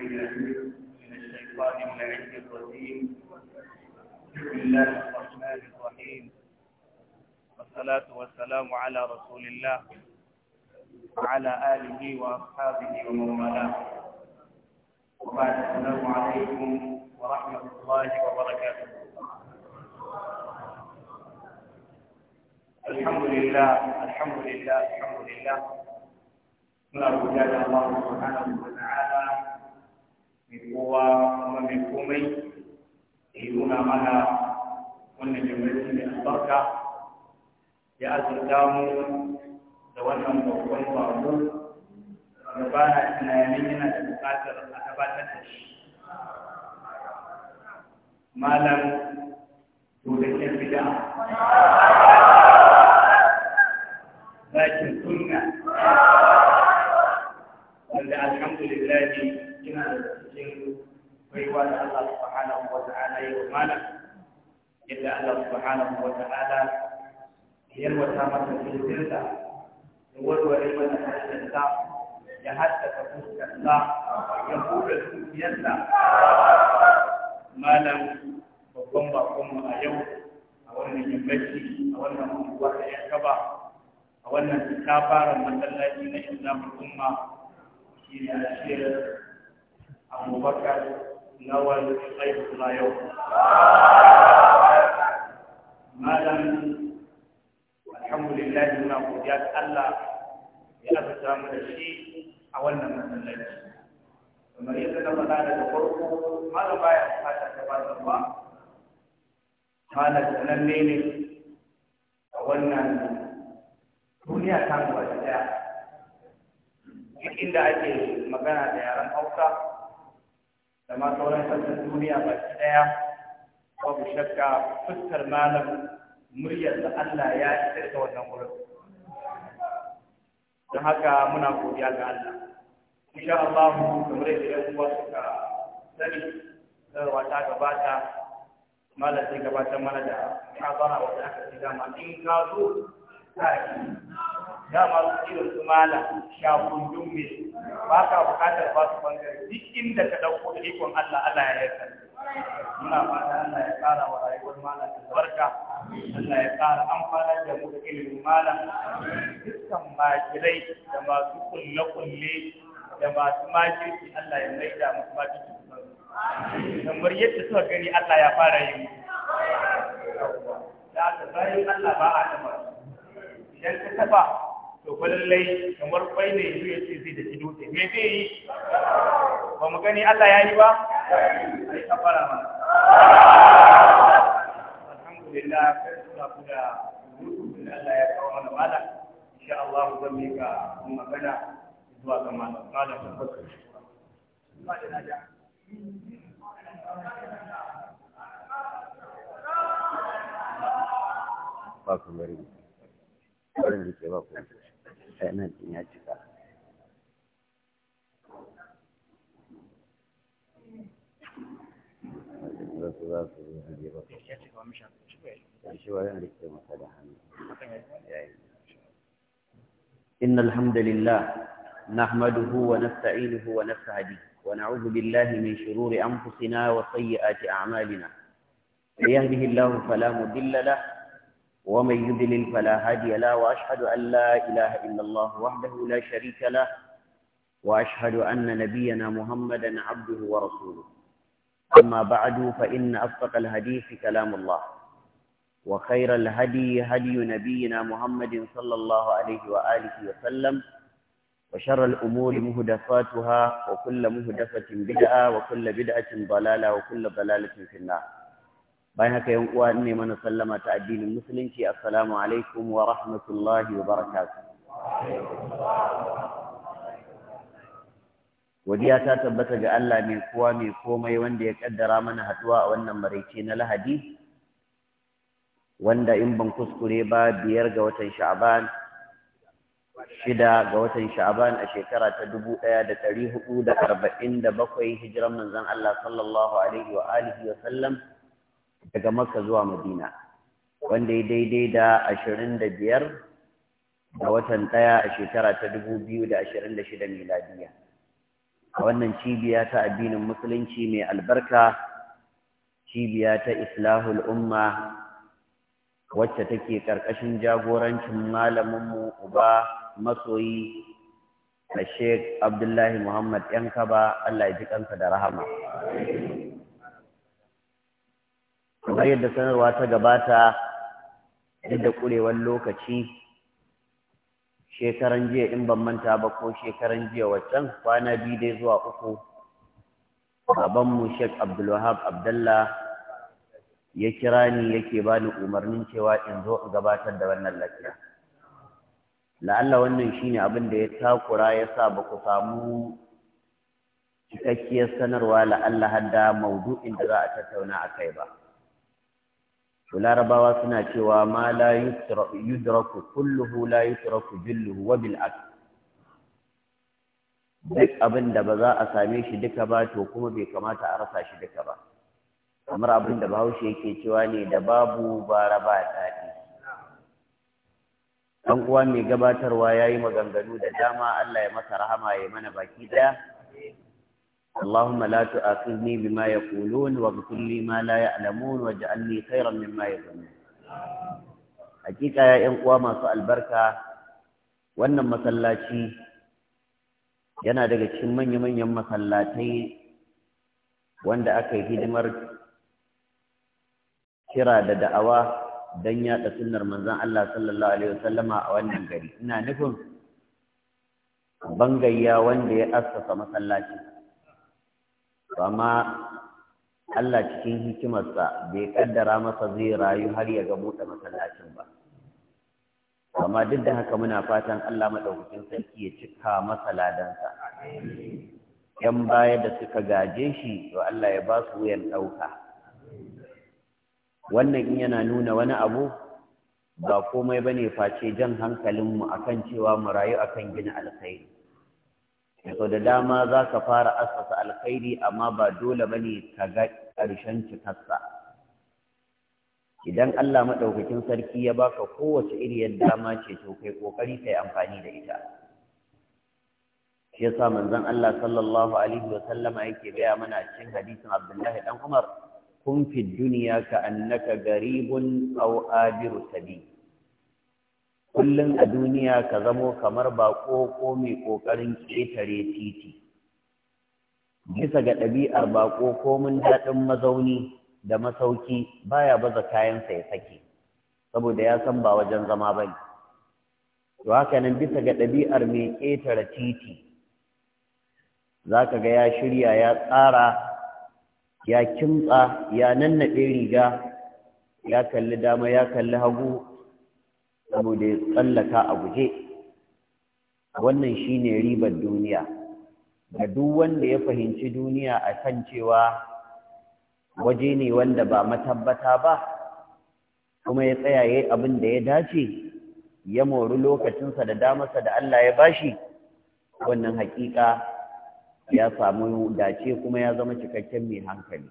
من الشيطان الرجيم بسم الله الرحمن الرحيم والصلاة والسلام على رسول الله وعلى آله وأصحابه ومن والاه وبعد السلام عليكم ورحمة الله وبركاته الحمد لله الحمد لله الحمد لله نرجو godiya da Allah subhanahu mai kowa kuma mai komai ya yi nuna mana wannan jimritin mai albarka ya azurta mu da wannan babban baro da ba na tunanin yana da bukatar a gabatar da shi malam dodakin bida bakin sunna wanda alhamdulillah kina da cikin baiwa da Allah subhanahu wa ta'ala ya yi yadda Allah subhanahu wa ta'ala ya wata mata filfinta ya warware mata harshensa ya haddaka fuskarsa ya buɗe zuciyarsa malam babban bakonmu a yau a wannan yammaci a wannan unguwa da ya kaba a wannan tabarar masallaci na islamun umma shi ne a shirin abubakar tsaye kuma yau malam alhamdulillah muna godiya ya Allah ya azurta samu da shi a wannan masallaci kamar yadda na faɗa daga farko malam baya fata ta ba ta ba malam nan ne a wannan duniya ta da ɗaya duk inda ake magana da yaren hausa da ma sauran sassan duniya ba daya ɗaya babu shakka fuskar malam muryar da Allah ya isar da wannan wurin don haka muna godiya ga Allah insha Allah kamar yadda ɗan uwa suka sani sarwa ta gabata malam sai gabatar mana da muhabara wata aka ci dama in ka zo ta ki dama irin su malam shafin dumbe ba ka bukatar ba su bangare duk inda ka dauko ikon Allah Allah ya yarda muna fata Allah ya tsara wa rayuwar malam albarka Allah ya tsara amfanar da mu da ilimin malam dukkan makirai da masu kulle kulle da masu makirki Allah ya maida musu makirki kamar yadda suka gani Allah ya fara yin da aka bayan Allah ba a taba idan ka taba to kwallai kamar kwai ne yanzu ya ce zai da dutse me zai yi ba mu gani Allah ya yi ba sai ka fara mana alhamdulillah kar su da ku da mutum da Allah ya kawo mana mala insha Allah mu zan mika magana zuwa ga malam malam ta fasa ba da naja ba kamar yi. Barin da ke ba kuma. فعلا من أجل إن الحمد لله نحمده ونستعينه ونستهديه ونعوذ بالله من شرور أنفسنا وسيئات أعمالنا من يهده الله فلا مضل له ومن يدلل فلا هادي له واشهد ان لا اله الا الله وحده لا شريك له واشهد ان نبينا محمدا عبده ورسوله اما بعد فان اصدق الحديث كلام الله وخير الهدي هدي نبينا محمد صلى الله عليه واله وسلم وشر الامور مهدفاتها وكل مهدفه بدعه وكل بدعه ضلاله وكل ضلاله في النار bayan haka yan uwa ne mana sallama ta addinin musulunci assalamu alaikum wa rahmatullahi wa barakatuh godiya ta tabbata ga Allah mai kowa mai komai wanda ya kaddara mana haduwa a wannan maraice na Lahadi wanda in ban kuskure ba biyar ga watan Sha'ban shida ga watan Sha'ban a shekara ta dubu ɗaya da ɗari hudu da arba'in da bakwai hijiran manzon Allah sallallahu alaihi wa alihi wa sallam daga maka zuwa madina wanda ya daidai da ashirin da biyar da watan ɗaya a shekara ta dubu biyu da ashirin da shida miladiya a wannan cibiya ta addinin musulunci mai albarka cibiya ta islahul umma wacce take ƙarƙashin jagorancin malaminmu uba masoyi a sheik abdullahi muhammad yankaba allah ya ji kansa da rahama kamar yadda sanarwa ta gabata duk da kurewar lokaci shekaran jiya in ban manta ba ko shekaran jiya waccan kwana biyu dai zuwa uku babanmu shek abdulwahab abdallah ya kira ni yake bani umarnin cewa in zo in gabatar da wannan lafiya la'alla wannan shine abin da ya takura ya sa ba ku samu cikakkiyar sanarwa la'alla hadda maudu'in da za a tattauna a kai ba to larabawa suna cewa ma la yudraku kulluhu la yudraku jilluhu wa bil duk abin da ba za a same shi duka ba to kuma bai kamata a rasa shi duka ba kamar abin da bahaushe yake cewa ne da babu bara ba daɗi ɗan uwa mai gabatarwa ya yi maganganu da dama Allah ya masa rahama ya mana baki ɗaya اللهم لا تؤاخذني بما يقولون واغفر لي ما لا يعلمون واجعلني خيرا مما يظنون hakika ya ƴan uwa masu albarka wannan masallaci yana daga cikin manya-manyan masallatai wanda aka yi hidimar kira da da'awa don yaɗa sunnar manzon Allah sallallahu alaihi wasallama a wannan gari ina nufin bangayya wanda ya assasa masallaci amma Allah cikin hikimarsa bai kaddara masa zai rayu har ya ga buɗe masallacin ba amma duk da haka muna fatan Allah madaukakin sarki ya cika masa ladansa yan baya da suka gaje shi to Allah ya ba su wuyan ɗauka wannan in yana nuna wani abu ba komai bane face jan hankalinmu akan cewa mu rayu akan gina alkhairi so da dama za ka fara asasa alkhairi amma ba dole ba ne ka ga ƙarshen cikarsa idan Allah maɗaukakin sarki ya baka kowace iriyar dama ce to kai ƙoƙari yi amfani da ita shi yasa manzon Allah sallallahu alaihi wa sallama yake gaya mana cikin hadisin Abdullahi dan Umar kun fi duniya ka annaka garibun aw abiru sabil kullum a duniya ka zamo kamar baƙo ko mai ƙoƙarin ƙetare titi bisa ga ɗabi'ar baƙo ko mun daɗin mazauni da masauki baya baza kayansa ya sake saboda ya san ba wajen zama ba ne to haka nan bisa ga ɗabi'ar mai ƙetare titi za ka ga ya shirya ya tsara ya kimtsa ya nannaɗe riga ya kalli dama ya kalli hagu saboda ya tsallaka a guje wannan shine ribar duniya ga duk wanda ya fahimci duniya a kan cewa waje ne wanda ba matabbata ba kuma ya tsaya yayi abin da ya dace ya mori lokacinsa da damarsa da Allah ya bashi wannan hakika ya samu dace kuma ya zama cikakken mai hankali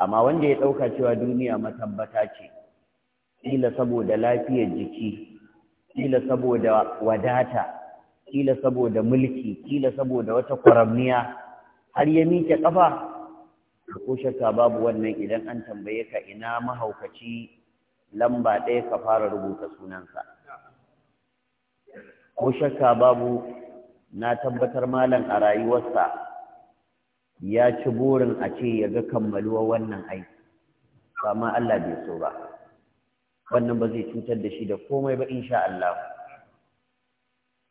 amma wanda ya ɗauka cewa duniya matabbata ce kila saboda lafiyar jiki kila saboda wadata kila saboda mulki kila saboda wata kwaramniya har ya miƙe ƙafa ko shakka babu wannan idan an tambaye ka ina mahaukaci lamba ɗaya ka fara rubuta sunansa ko shakka babu na tabbatar malam a rayuwarsa ya ci burin a ce ya ga kammaluwa wannan aiki amma Allah bai so ba wannan ba zai cutar da shi da komai ba insha Allah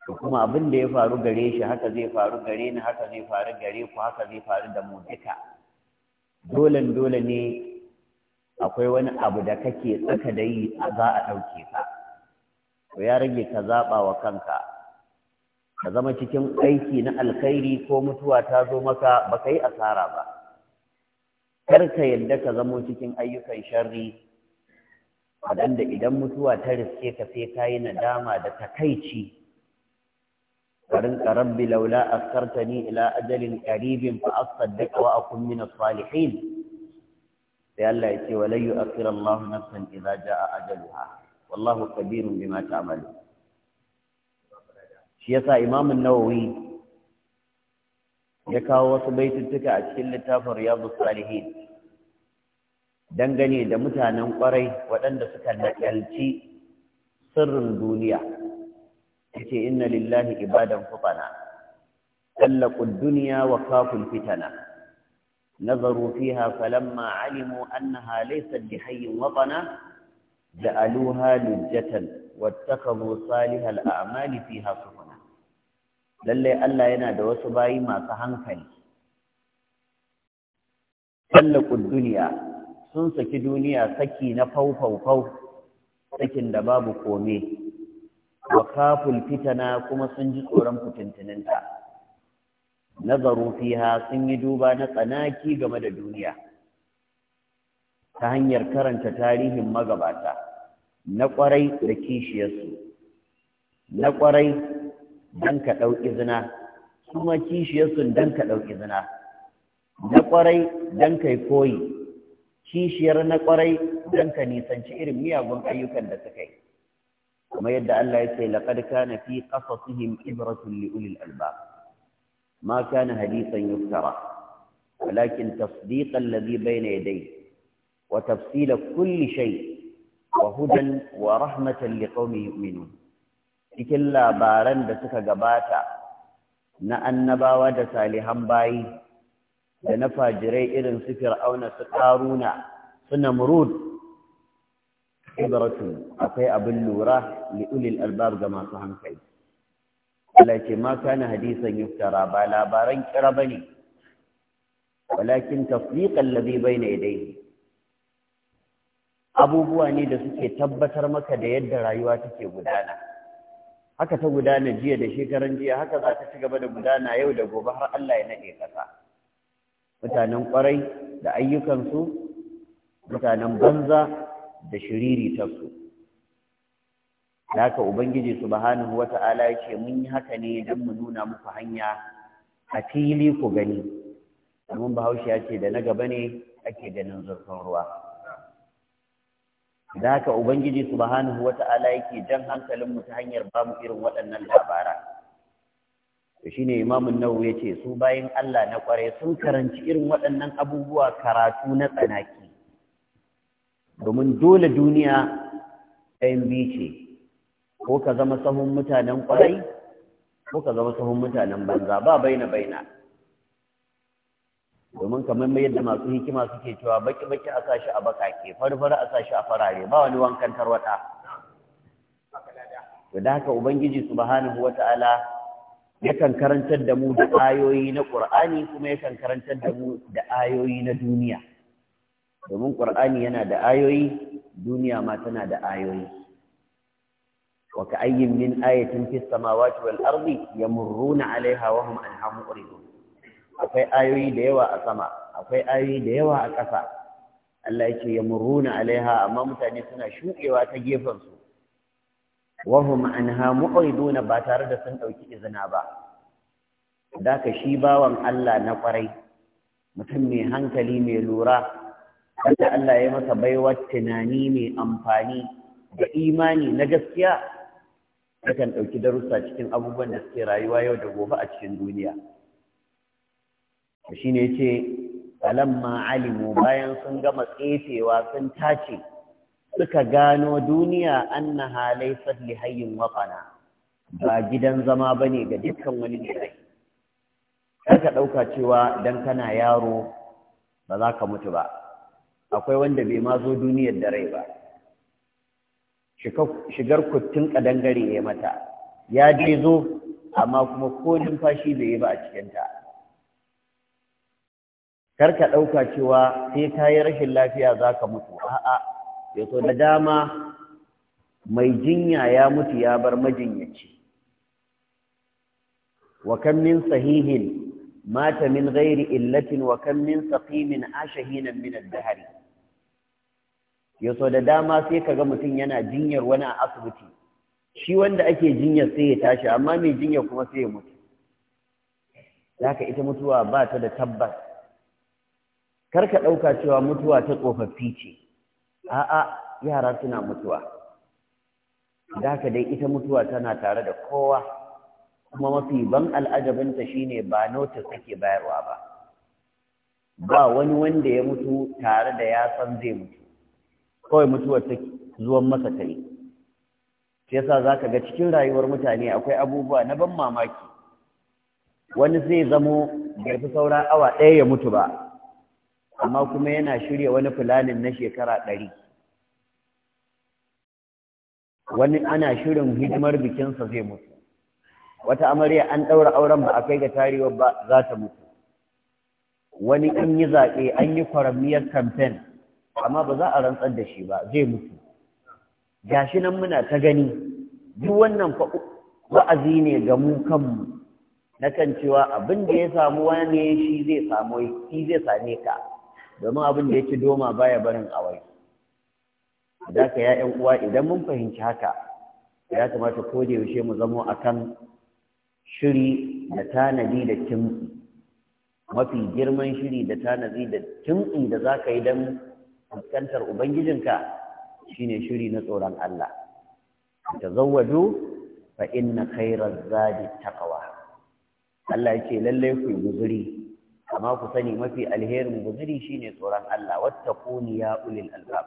to kuma abin da ya faru gare shi haka zai faru gare ni haka zai faru gare ku haka zai faru da mu duka dole dole ne akwai wani abu da kake tsaka da yi za a ɗauke ka to ya rage ka zaɓa wa kanka ka zama cikin aiki na alkhairi ko mutuwa ta zo maka baka yi asara ba kar ka yadda ka zama cikin ayyukan sharri waɗanda idan mutuwa ta riske ka sai ka yi nadama da takaici karin rabbi laula askartani ila ajalin qaribin fa asaddaq wa akun min as-salihin sai Allah ya ce wa lan yu'akhir Allah nafsan idza jaa ajaluha wallahu kabirun bima ta'malu shi yasa Imam an-Nawawi ya kawo wasu baituttuka a cikin littafin Riyadus Salihin dangane da mutanen kwarai waɗanda suka nakalci sirrin duniya ya inna lillahi ibadan fufana ƙallakun duniya wa kafin fitana nazaru fiha falamma alimu anna halisar da hayin wafana da aluha lujjatan wattakazo salihal amali fiha sufana lallai Allah yana da wasu bayi masu hankali ƙallakun duniya sun saki duniya saki na fau-fau-fau sakin da babu kome wa kaful fitana kuma sun ji tsoron fitintuninta nazaru fiha sun yi duba na tsanaki game da duniya ta hanyar karanta tarihin magabata na kwarai da kishiyarsu na kwarai don ka ɗauki zina, kuma kishiyarsu don ka ɗauki zina. na kwarai don kai koyi kishiyar na kwarai don ka nisanci irin miyagun ayyukan da suka yi kuma yadda Allah ya ce laqad kana fi qasasihim ibratun li ulil albab ma kana hadithan yuftara walakin tasdiqa alladhi bayna yadayhi wa tafsila kulli shay wa hudan wa rahmatan liqaumin yu'minun cikin labaran da suka gabata na annabawa da salihan bayi da na fajirai irin su fir'auna su karuna su namrud ibratun akwai abin lura li'ulil ulil albab ga masu hankali Allah ce ma kana hadisan yuftara ba labaran kira bane walakin tasdiqan ladhi bayna yadayhi abubuwa ne da suke tabbatar maka da yadda rayuwa take gudana haka ta gudana jiya da shekaran jiya haka za ta ci gaba da gudana yau da gobe har Allah ya nade kasa mutanen kwarai da ayyukansu mutanen banza da shiriritarsu da haka ubangiji subhanahu wata'ala ya mun yi haka ne don mu nuna muku hanya a fili ku gani domin bahaushe ya ce da na gaba ne ake ganin zurfin ruwa da haka ubangiji subhanahu wata'ala yake jan hankalinmu ta hanyar bamu irin waɗannan labara to shine Imam Nau ya ce su bayan Allah na kware sun karanci irin waɗannan abubuwa karatu na tsanaki domin dole duniya ɗayan biyu ce ko ka zama sahun mutanen kwarai ko ka zama sahun mutanen banza ba baina baina domin kamar mai yadda masu hikima suke cewa baki baki a sashi a bakake farfara a sashi a farare ba wani wankan tarwata to da haka ubangiji subhanahu wata'ala yakan karantar da mu da ayoyi na Qur'ani kuma yakan karantar da mu da ayoyi na duniya domin Qur'ani yana da ayoyi duniya ma tana da ayoyi wa ayyin min ayatin fis samawati wal ardi yamurruna alaiha wa hum anha mu'ridun akwai ayoyi da yawa a sama akwai ayoyi da yawa a ƙasa Allah yake yamurruna alaiha amma mutane suna shuɗewa ta gefen su wahum anha mu'riduna ba tare da sun dauki izina ba daka shi bawan Allah na kwarai mutum mai hankali mai lura wanda Allah ya masa baiwar tunani mai amfani da imani na gaskiya yakan dauki darussa cikin abubuwan da suke rayuwa yau da gobe a cikin duniya shi ne yace alamma alimu bayan sun gama tsefewa sun tace suka gano duniya annaha laysat li hayyin waqana ba gidan zama bane ga dukkan wani mai kar ka dauka cewa dan kana yaro ba za ka mutu ba akwai wanda bai ma zo duniyar da rai ba shigar kuttun ƙadangare ya mata ya je zo amma kuma ko numfashi bai yi ba a cikinta kar ka ɗauka cewa sai ta yi rashin lafiya za ka mutu a'a ya to da dama mai jinya ya mutu ya bar majinyaci wa kam min sahihin mata min ghairi illatin wa kam min saqimin ashahina min ad-dahr ya to da dama sai kaga mutum yana jinyar wani a asibiti shi wanda ake jinyar sai ya tashi amma mai jinyar kuma sai ya mutu zaka ita mutuwa ba ta da tabbas kar ka ɗauka cewa mutuwa ta tsofaffi ce a'a yara suna mutuwa da haka dai ita mutuwa tana tare da kowa kuma mafi ban al'ajabinta shine ba notice take bayarwa ba ba wani wanda ya mutu tare da ya san zai mutu kawai mutuwar ta zuwan masa ta shi yasa zaka ga cikin rayuwar mutane akwai abubuwa na ban mamaki wani zai zamo bai fi saura awa ɗaya ya mutu ba amma kuma yana shirya wani fulanin na shekara ɗari wani ana shirin hidimar bikinsa zai mutu wata amarya an ɗaura auren ba a kai ga tarewa ba za ta mutu wani in yi zaɓe an yi kwaramiyar kamfen amma ba za a rantsar da shi ba zai mutu gashi nan muna ta gani duk wannan wa'azi ne ga mu kanmu na kan cewa abin da ya samu wani shi zai samu shi zai same ka domin abin da yake doma baya barin awai da ka ya ‘yan uwa idan mun fahimci haka ya kamata ko da yaushe mu zamo akan shiri da tanadi da timtsi mafi girman shiri da tanadi da timtsi da za ka yi don fuskantar ubangijinka shine shiri na tsoron Allah ta zawwaju fa inna khayra zadi taqwa Allah yake lalle lallai ku guzuri amma ku sani mafi alherin guzuri shine tsoron Allah wattaquni ya ulil albab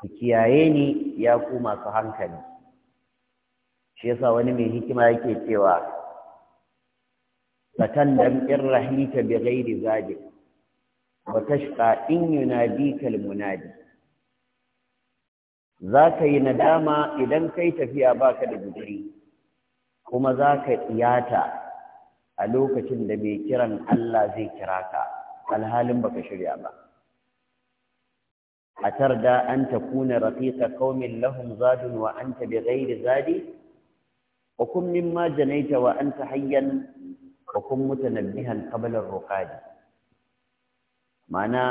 ku kiyaye ni ya ku masu hankali shi yasa wani mai hikima yake cewa batan in rahita bi ghairi zadi wa tashqa in yunadika al munadi zaka yi nadama idan kai tafiya baka da guzuri kuma zaka iyata a lokacin da mai kiran Allah zai kira ka alhalin baka shirya ba a tarda an ta kuna rafiƙa kawmin lahun zadun wa an ta bi gairi zadi wa kun min hanyar wa kun mutu nabihan kabalin ma'ana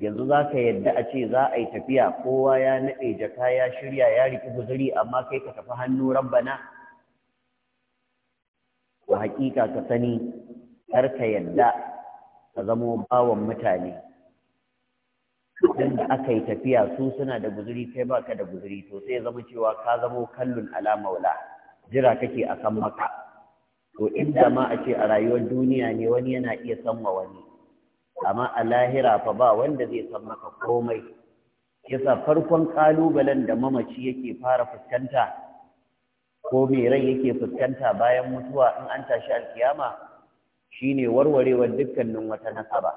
yanzu za ka yadda a ce za a yi tafiya kowa ya naɗe jaka ya shirya ya riƙi guzuri amma kai ka tafi hannu ran bana. wa haƙiƙa ka sani kar ka yadda ka zamo bawan mutane inda da aka yi tafiya su suna da guzuri kai ka da guzuri to sai ya zama cewa ka zamo kallon ala maula jira kake a kan maka to inda ma a ce a rayuwar duniya ne wani yana iya san ma wani amma a lahira fa ba wanda zai san maka komai yasa farkon kalubalen da mamaci yake fara fuskanta ko me rai yake fuskanta bayan mutuwa in an tashi alkiyama shine warwarewar dukkanin wata nasaba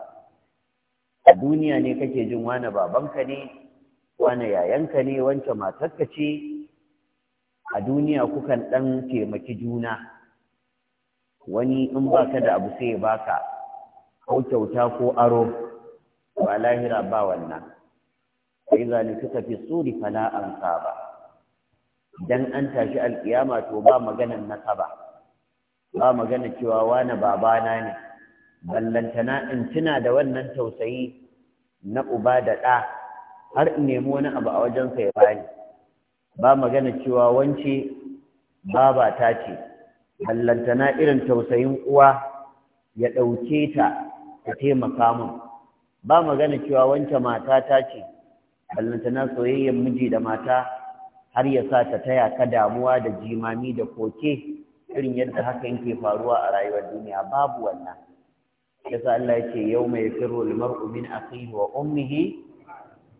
a duniya ne kake jin wani babanka ne wani yayanka ne wance matarka ce a duniya kukan ɗan taimaki juna wani in baka da abu sai ya baka ko kyauta ko aro ba lahira ba wannan sai zalika fi suri fala an saba dan an tashi alƙiyama to ba maganan nasaba ba magana cewa wani babana ne ballantana in tuna da wannan tausayi na uba da ɗa har in nemi wani abu a wajensa ya bani ba magana cewa wance baba ta ce ballantana irin tausayin uwa ya ɗauke ta ta taimaka mun ba magana cewa wance mata ta ce ballantana soyayyen miji da mata har ya sa ta taya ka damuwa da jimami da koke irin yadda haka yake faruwa a rayuwar duniya babu wannan yasa Allah yake mai yafirru al-mar'u min akhihi wa ummihi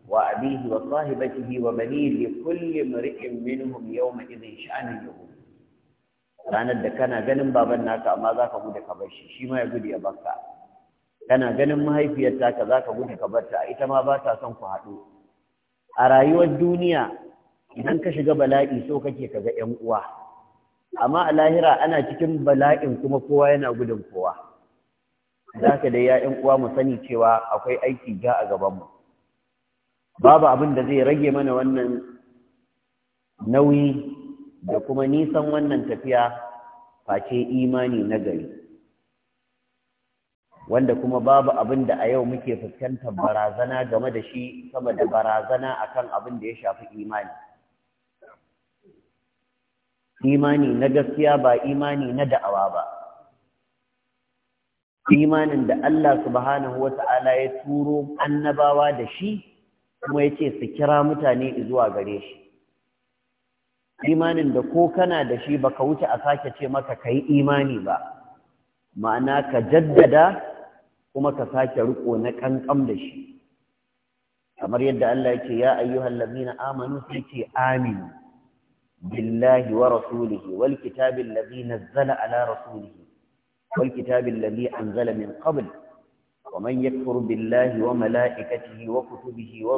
wa abihi wa sahibatihi wa bani li kulli imri'in minhum yawma idhin sha'anun yuhum ranar da kana ganin baban naka amma zaka gudu ka bar shi shi ma ya gudu ya barka kana ganin mahaifiyar taka zaka gudu ka bar ta ita ma ba ta son ku haɗu a rayuwar duniya idan ka shiga bala'i so kake kaga ƴan uwa amma a lahira ana cikin bala'in kuma kowa yana gudun kowa zaka dai ya ƴan uwa mu sani cewa akwai aiki ga a gaban mu. babu abin da zai rage mana wannan nauyi da kuma nisan wannan tafiya face imani na gari wanda kuma babu abin da a yau muke fuskantar barazana game da shi sama da barazana akan abin da ya shafi imani imani na gaskiya ba imani na da'awa ba imanin da Allah subhanahu wata'ala ya turo annabawa da shi kuma ya ce su kira mutane zuwa gare shi imanin da ko kana da shi baka wuce a sake ce maka ka yi imani ba ma'ana ka jaddada kuma ka sake riko na kankan da shi kamar yadda Allah ya ce ya ayyuhallazina amanu sai ce aminu billahi wa rasulihi wal kitabil ladhi nazzala ala rasulihi wal kitabil ladhi anzala min qabl wa man yakfur billahi wa malaikatihi wa kutubihi wa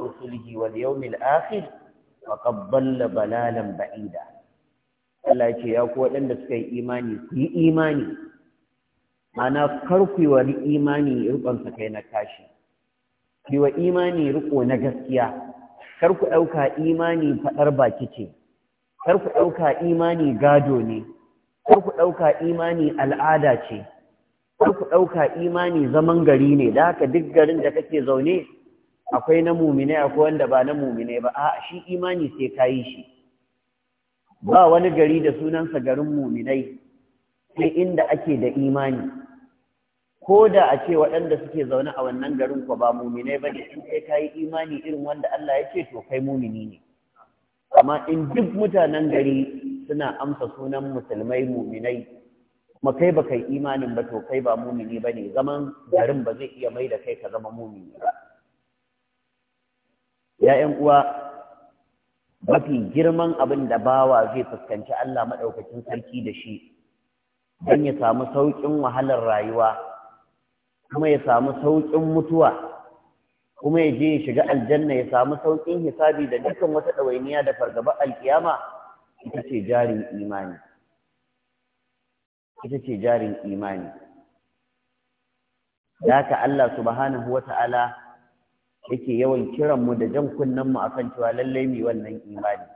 ba'ida Allah ce ya ku waɗanda suka yi imani ku yi imani ana karkuwa imani rubansa kai na kashi kiwa imani riko na gaskiya kar ku ɗauka imani faɗar baki ce kar ku ɗauka imani gado ne kar ku ɗauka imani al'ada ce kar ku ɗauka imani zaman gari ne da haka duk garin da kake zaune akwai na mumine akwai wanda ba na mumine ba a shi imani sai kayi shi ba wani gari da sunansa garin muminai sai inda ake da imani ko da a ce waɗanda suke zaune a wannan garin ko ba mumine ba ne in ka yi imani irin wanda Allah ya ce to kai mumini ne amma in duk mutanen gari suna amsa sunan musulmai muminai kuma kai ba kai imanin ba to kai ba mumini ba ne zaman garin ba zai iya mai da kai ka zama mumini ba ‘ya'yan uwa mafi girman abin da bawa zai fuskanci Allah maɗaukacin sarki da shi don ya samu sauƙin wahalar rayuwa kuma ya samu sauƙin mutuwa kuma ya je ya shiga aljanna ya samu sauƙin hisabi da dukkan wata ɗawainiya da fargaba alkiyama ita ce jarin imani ita ce jarin imani haka Allah subhanahu wa ta'ala yake yawan kiran mu da jan kunnen mu akan cewa lallai mi wannan imani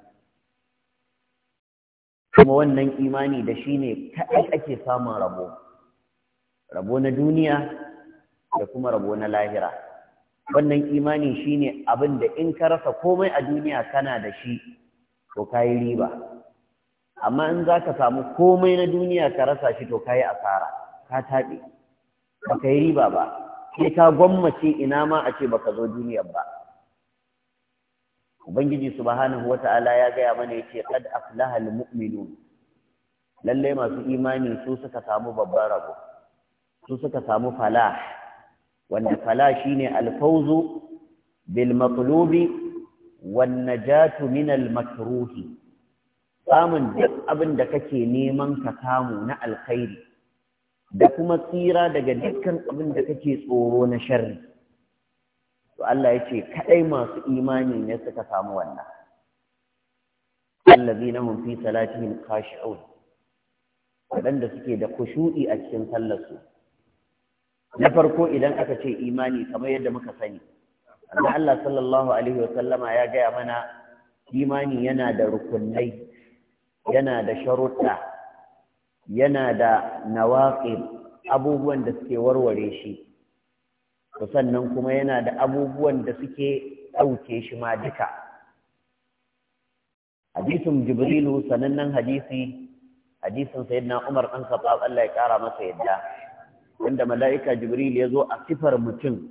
kuma wannan imani da shi ne kaɗai ake samun rabo rabo na duniya da kuma rabo na lahira wannan imani shine abin da in ka rasa komai a duniya kana da shi to kayi riba amma in za ka samu komai na duniya ka rasa shi to kayi asara ka taɓe ba ka yi riba ba sai ka gwammace ina ma a ce baka zo duniyar ba ubangiji subhanahu wata'ala ya gaya mana yace qad aflaha almu'minun lalle masu imani su suka samu babban rabo su suka samu falah wanda fala shine alfawzu bil matlubi wan najatu min al makruhi samun duk abin da kake neman ka samu na alkhairi da kuma tsira daga dukkan abin da kake tsoro na sharri to Allah yace kadai masu imani ne suka samu wannan allazina hum fi salatihim khashi'un wadanda suke da khushu'i a cikin sallarsu na farko idan aka ce imani kamar yadda muka sani Allah Allah sallallahu alaihi wasallama ya gaya mana imani yana da rukunai yana da sharuɗa yana da nawaqib abubuwan da suke warware shi sannan kuma yana da abubuwan da suke ɗauke shi ma duka hadisin jibrilu sanannen hadisi hadisin sayyidina umar an sabab Allah ya kara masa yadda wanda mala'ika jibril ya zo a sifar mutum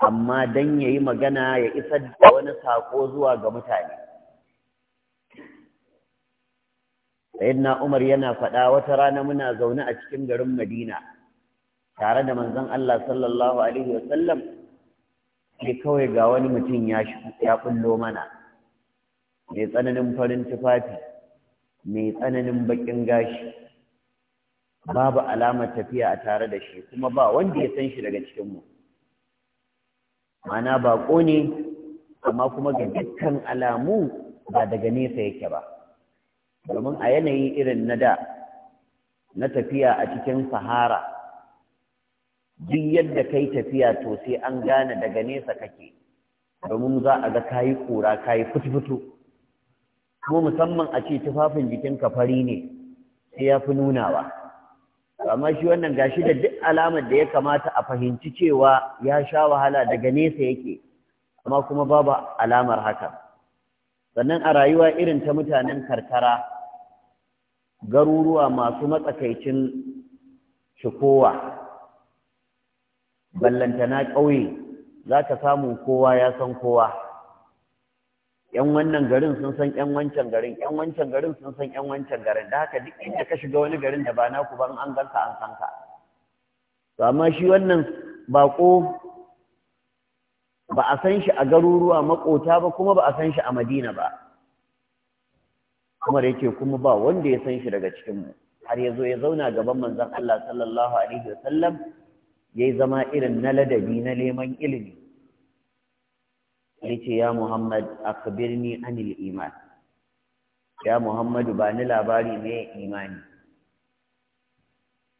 amma dan yayi magana ya isa da wani sako zuwa ga mutane sayyidina umar yana faɗa wata rana muna zaune a cikin garin madina tare da manzon Allah sallallahu alaihi wasallam sai kawai ga wani mutum ya ya kullo mana mai tsananin farin tufafi mai tsananin baƙin gashi babu alamar tafiya a tare da shi kuma ba wanda ya san shi daga cikinmu mana baƙo ne amma kuma ga dukkan alamu ba daga nesa yake ba domin a yanayi irin na da na tafiya a cikin sahara duk yadda kai tafiya to sai an gane daga nesa kake domin za a ga kayi kura kayi fitu kuma musamman a ce tufafin jikinka fari ne sai ya fi nunawa amma shi wannan gashi da duk alamar da ya kamata a fahimci cewa ya sha wahala daga nesa yake amma kuma babu alamar haka sannan a rayuwa irin ta mutanen karkara garuruwa masu matsakaicin shikowa ballantana ƙauye za ka samu kowa ya san kowa yan wannan garin sun san yan wancan garin yan wancan garin sun san yan wancan garin da haka duk inda ka shiga wani garin da ba naku ba an ganka an san ka to amma shi wannan bako ba a san shi a garuruwa makota ba kuma ba a san shi a Madina ba kuma da yake kuma ba wanda ya san shi daga cikin mu har zo ya zauna gaban manzon Allah sallallahu alaihi wasallam yayi zama irin na ladabi na neman ilimi yace ya Muhammad akhbirni anil iman ya Muhammadu ba ni labari me imani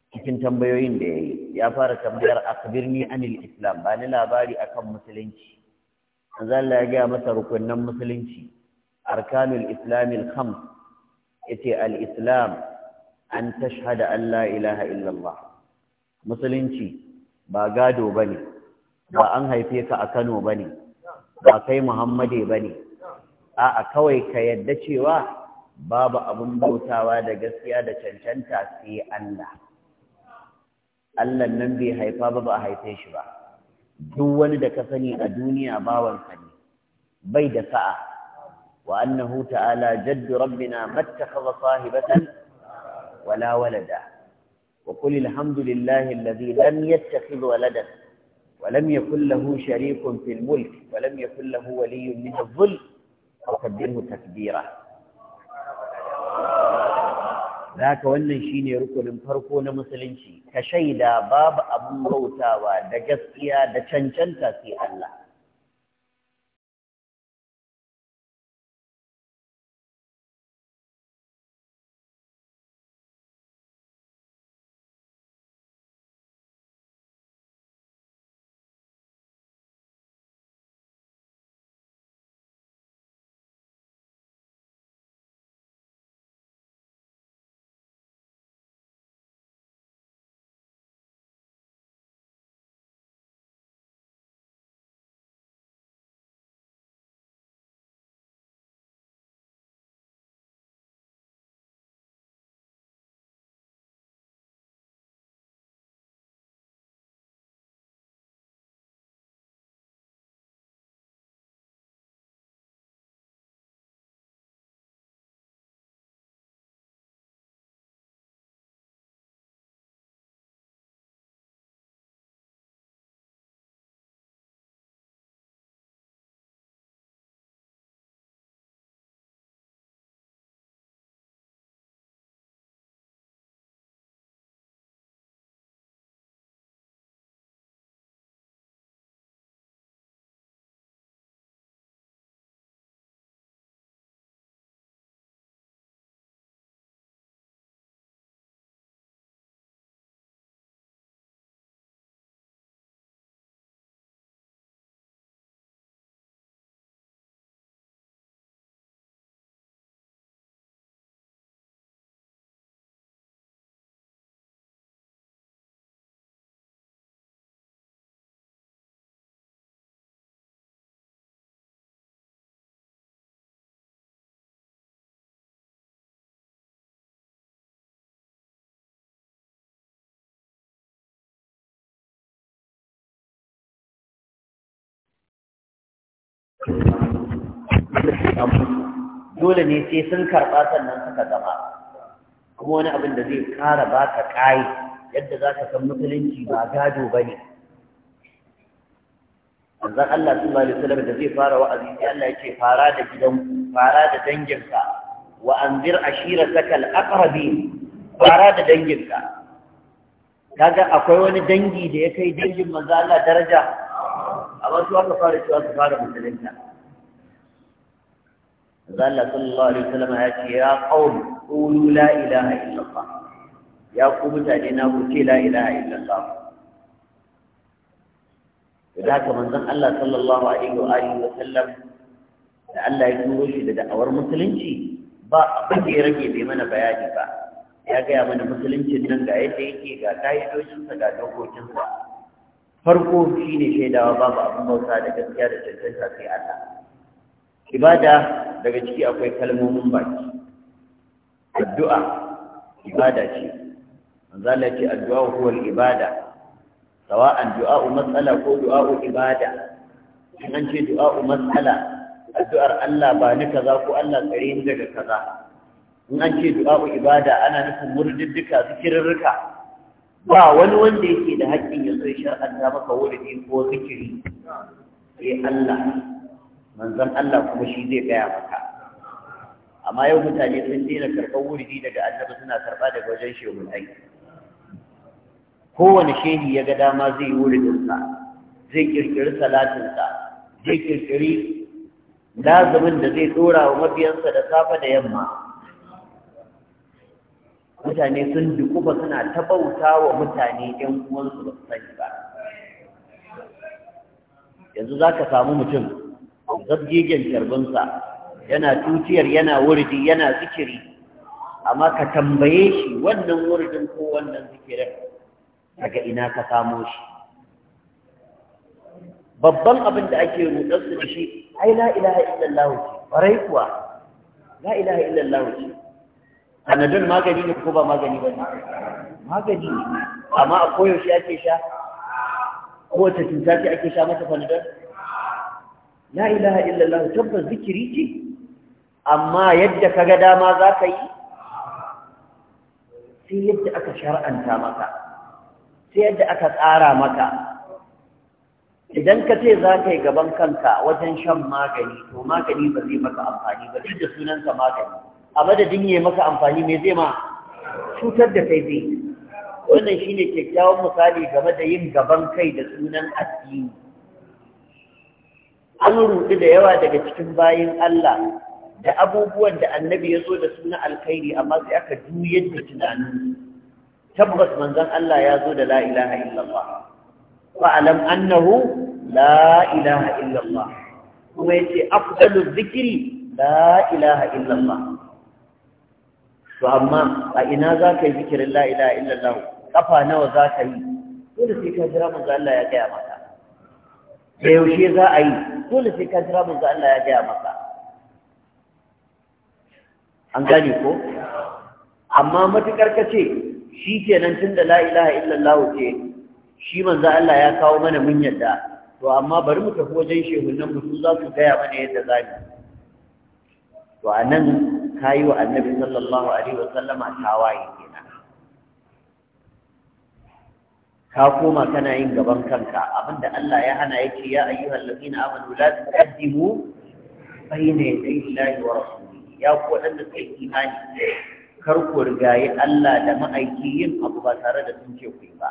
cikin tambayoyin da yi. ya fara tambayar akhbirni anil islam ba ni labari akan musulunci manzo ya gaya masa rukunnan musulunci arkanul islamil khams yace al islam an tashhada an ilaha illallah musulunci ba gado bane ba an haife ka a Kano bane ba kai muhammade ba ne a'a kawai ka yadda cewa babu abin bautawa da gaskiya da cancanta sai Allah Allah nan bai haifa ba ba haife shi ba duk wani da ka sani a duniya bawansa ne bai da sa'a wa annahu ta'ala jaddu rabbina mattakhadha sahibatan wala walada wa qul alhamdulillahi alladhi lam yattakhidh waladan ولم يكن له شريك في الملك ولم يكن له ولي من الظل وكبره تكبيرا ذاك wannan shine rukunin farko na musulunci ka shaida babu abun bautawa da gaskiya da cancanta sai Allah dole ne sai sun karɓa sannan suka zama kuma wani abin da zai ƙara ba ka ƙayi yadda za ka san musulunci ba gado ba ne manzon Allah sallallahu alaihi wasallam da zai fara wa'azi sai Allah ya ce fara da gidan fara da danginka wa anzir ashirataka al-aqrabi fara da danginka kaga akwai wani dangi da ya kai dangin manzon Allah daraja amma su aka fara cewa su fara musulunta manzo Allah sallallahu alaihi wasallam ya ce ya qaum qulu la ilaha illallah ya ku mutane na ku ce la ilaha illallah da haka manzon Allah sallallahu alaihi wa alihi wasallam da Allah ya turo shi da da'awar musulunci ba abin da ya rage bai mana bayani ba ya gaya mana musuluncin nan ga yadda yake ga ka'idocinsa ga dokokinsa farko shi ne shaidawa babu abin bauta da gaskiya da cancanta sai Allah ibada daga ciki akwai kalmomin baki addu'a ibada ce manzala ce addu'a huwar ibada sawa'an du'a'u matsala ko du'a'u ibada in an ce du'a'u matsala addu'ar Allah ba ni kaza ko Allah tsare ni daga kaza in an ce du'a'u ibada ana nufin murdiddika zikirrika ba wani wanda yake da haƙƙin ya so ya shar'anta maka wurdi ko zikiri sai Allah manzon Allah kuma shi zai gaya maka amma yau mutane sun daina karɓar wurdi daga annabi suna karɓa daga wajen shehu ai kowane shehi ya ga dama zai yi sa zai kirkiri salatinsa zai kirkiri lazumin da zai dora wa mabiyansa da safe da yamma mutane sun dukufa suna tabauta wa mutane ɗan uwansu ba su sani ba yanzu za ka samu mutum zabgigen jarbinsa yana tutiyar yana wurdi yana zikiri amma ka tambaye shi wannan wurdin ko wannan zikirin daga ina ka samo shi babban abin da ake rudarsu da shi ai la ilaha illallah ce ƙwarai kuwa la ilaha illallah ce sanadin magani ne ko ba magani ba ne magani ne amma a koyaushe ake sha kowace cuta ce ake sha mata sanadin la ilaha illallah tabbas zikiri ce amma yadda ka ga dama za ka yi sai yadda aka shar'anta maka sai yadda aka tsara maka idan ka ce za ka yi gaban kanka wajen shan magani to magani ba zai maka amfani ba duk da sunansa magani a madadin ya maka amfani mai zai ma cutar da kai zai wannan shine kyakkyawan misali game da yin gaban kai da sunan addini an rudu da yawa daga cikin bayan Allah da abubuwan da annabi ya zo da suna alkhairi amma sai aka juyar da tunanin tabbas manzon Allah ya zo da la ilaha illallah fa alam annahu la ilaha illallah kuma yace afdalu dhikri la ilaha illallah to amma a ina za ka yi zikirin a illa lahu kafa nawa za ka yi dole sai ka jira manzo Allah ya gaya maka da yaushe za a yi dole sai ka jira manzo Allah ya gaya maka an gane ko amma matukar ka ce shi nan da la’ila a illa lahu ce shi manzo Allah ya kawo mana mun yadda to amma bari mu tafi wajen shehunan mutu za su gaya mana yadda za mu to a nan ta yi wa annabi sallallahu alaihi wa sallama tawaye kenan ka koma kana yin gaban kanka abinda Allah ya hana yake ya ayyuhal ladina amanu la tuqaddimu bayna yaday Allahi wa rasulihi ya ku wadanda kai imani kar ku rigayi Allah da ma'aiki yin abu ba tare da sun ce ku ba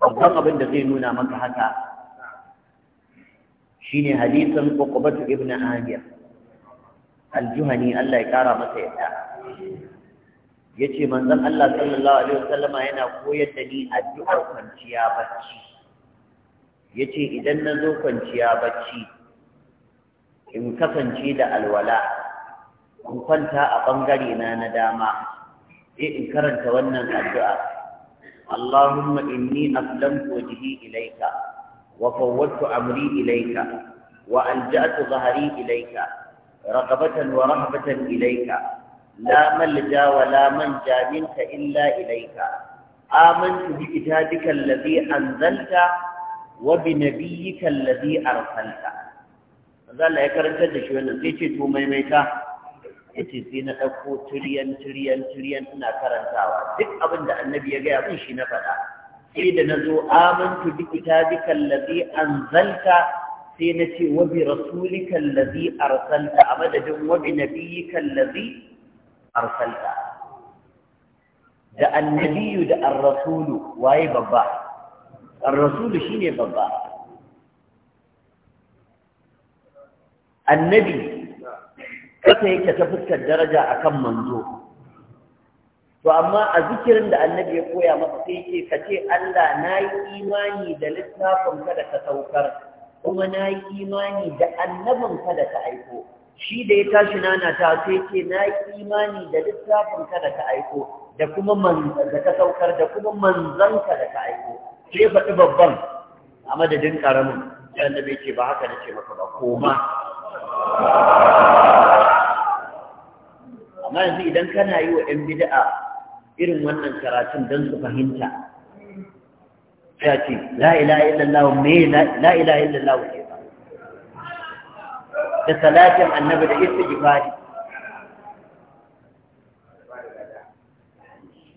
babban abin da zai nuna maka haka shine hadisin Uqbah ibn Amir aljuhani Allah ya kara masa yadda yace manzon Allah sallallahu alaihi wasallama yana koyar da ni addu'ar kwanciya bacci yace idan na zo kwanciya bacci in kasance da alwala in kwanta a bangare na na dama sai in karanta wannan addu'a اللهم إني أسلمت وجهي إليك وفوضت أمري إليك وألجأت ظهري إليك رغبة ورهبة إليك لا ملجا ولا منجا منك إلا إليك آمنت بكتابك الذي أنزلت وبنبيك الذي أرسلت zala ya karanta da shi wannan sai ce to maimaita yace sai na ɗauko tiriyan tiriyan tiriyan ina karantawa duk abin annabi ya gaya min shi na faɗa sai da na zo amantu bi kitabika sai na ce wa bi rasulika allazi arsalta a madadin wa bi nabiyyika allazi arsalta da annabiyu da ar-rasulu waye babba ar-rasulu shine babba annabi kasa yake ta fuskar daraja akan manzo to amma a zikirin da annabi ya koya maka sai yake ce Allah na yi imani da littafin ka da ka saukar kuma na yi imani da annabin kada da ka aiko shi da ya tashi nana ta sai ce na yi imani da littafin kada ta aiko da kuma manzan da ka saukar da kuma manzan kada da ka aiko sai faɗi babban a madadin ƙaramin sai annabi ce ba haka ce maka ba koma amma yanzu idan kana yi wa 'yan bida'a irin wannan karatun don su fahimta تأتي لا إله إلا الله مين لا إله إلا الله الشيطان تتلاجم أن نبدأ استجفاري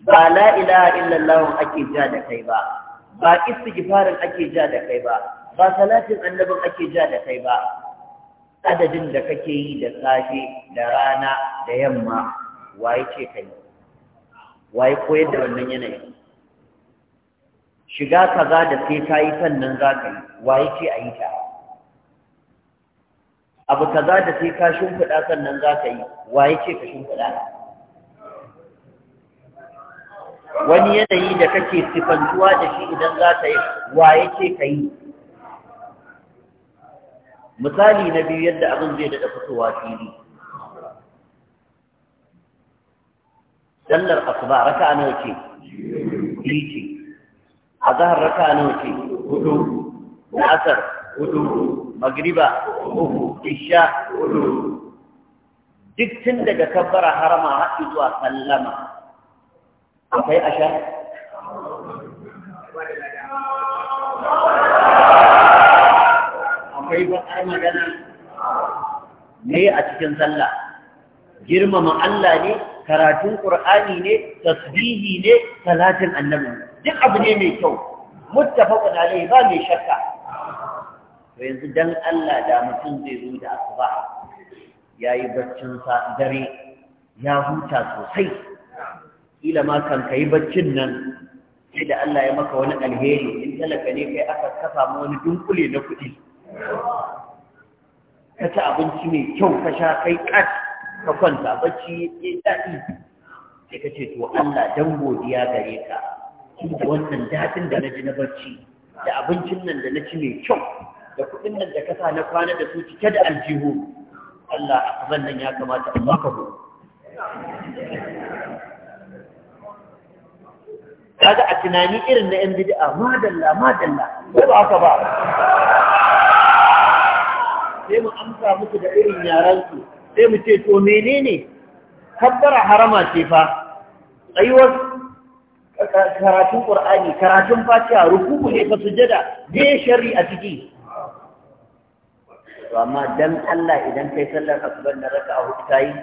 با لا إله إلا الله أكي جادة كيبا با استجفار أكي جادة كيبا با صلاة النبو أكي جادة كيبا هذا دين دكتي دكاشي درانا ديما وايكي كيبا وايكوية دون من ينين shiga za da sai ta yi sannan za ka yi wa yake a yi ta abu za da sai ka shimfiɗa sannan za ka yi wa yake ka shimfiɗa wani yanayi da kake sifantuwa da shi idan za ka yi wa yake ka yi misali na biyu yadda abin zai daɗa fitowa fili sallar asuba raka nawa ce biyu ce a zahar raka nawa ce hudu asar hudu magriba uku isha hudu duk tun daga kabbara harama haɗi zuwa sallama akwai asha akwai bakar magana ne a cikin sallah girmama Allah ne karatun ƙur'ani ne tasbihi ne salatin annabi duk abu ne mai kyau muttafaqun alaihi ba mai shakka to yanzu dan Allah da mutum zai zo da asuba yayi baccin sa dare ya huta sosai kila ma kan kai baccin nan sai da Allah ya maka wani alheri in talaka ne kai aka kafa ma wani dunkule na kuɗi ka ci abinci mai kyau ka sha kai kat ka kwanta bacci ya daɗi sai ka ce to Allah dan godiya gare ka da wannan datin da na ji na barci da abincin nan da na ci mai kyau da kuɗin nan da kasa na kwana da su cike da aljihu Allah a kaban nan ya kamata a maka Ya kaga a tunani irin na yan bid'a madalla madalla ko ba haka ba sai mu amsa muku da irin yaran su sai mu ce to menene kabbara harama ce fa tsayuwar karatun Kur'ani, karatun fatiha ruku'u ne fa da je shari a ciki amma don Allah idan kai sallar asuba na a hudu yi,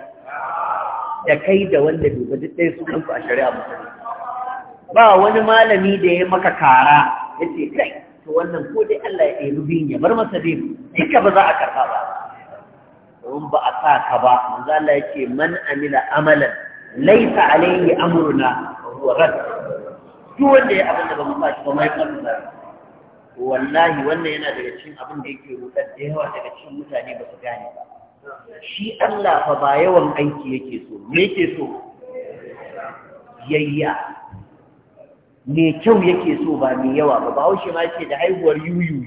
da kai da wanda duba duk ɗaya sunan ku a shari'a musulmi ba wani malami da ya maka kara yace kai to wannan ko dai Allah ya yi rubin ya bar masa dai duka ba za a karɓa ba domin ba a sa ka ba manzo Allah yake man amila amalan laysa alayhi amruna huwa duk wanda ya abin da ba mu ba mai kan wallahi wannan yana daga cikin abin da yake rudar da yawa daga cikin mutane ba su gane ba shi Allah fa ba yawan aiki yake so me yake so yayya me kyau yake so ba me yawa ba ba haushe ma yake da haihuwar yuyu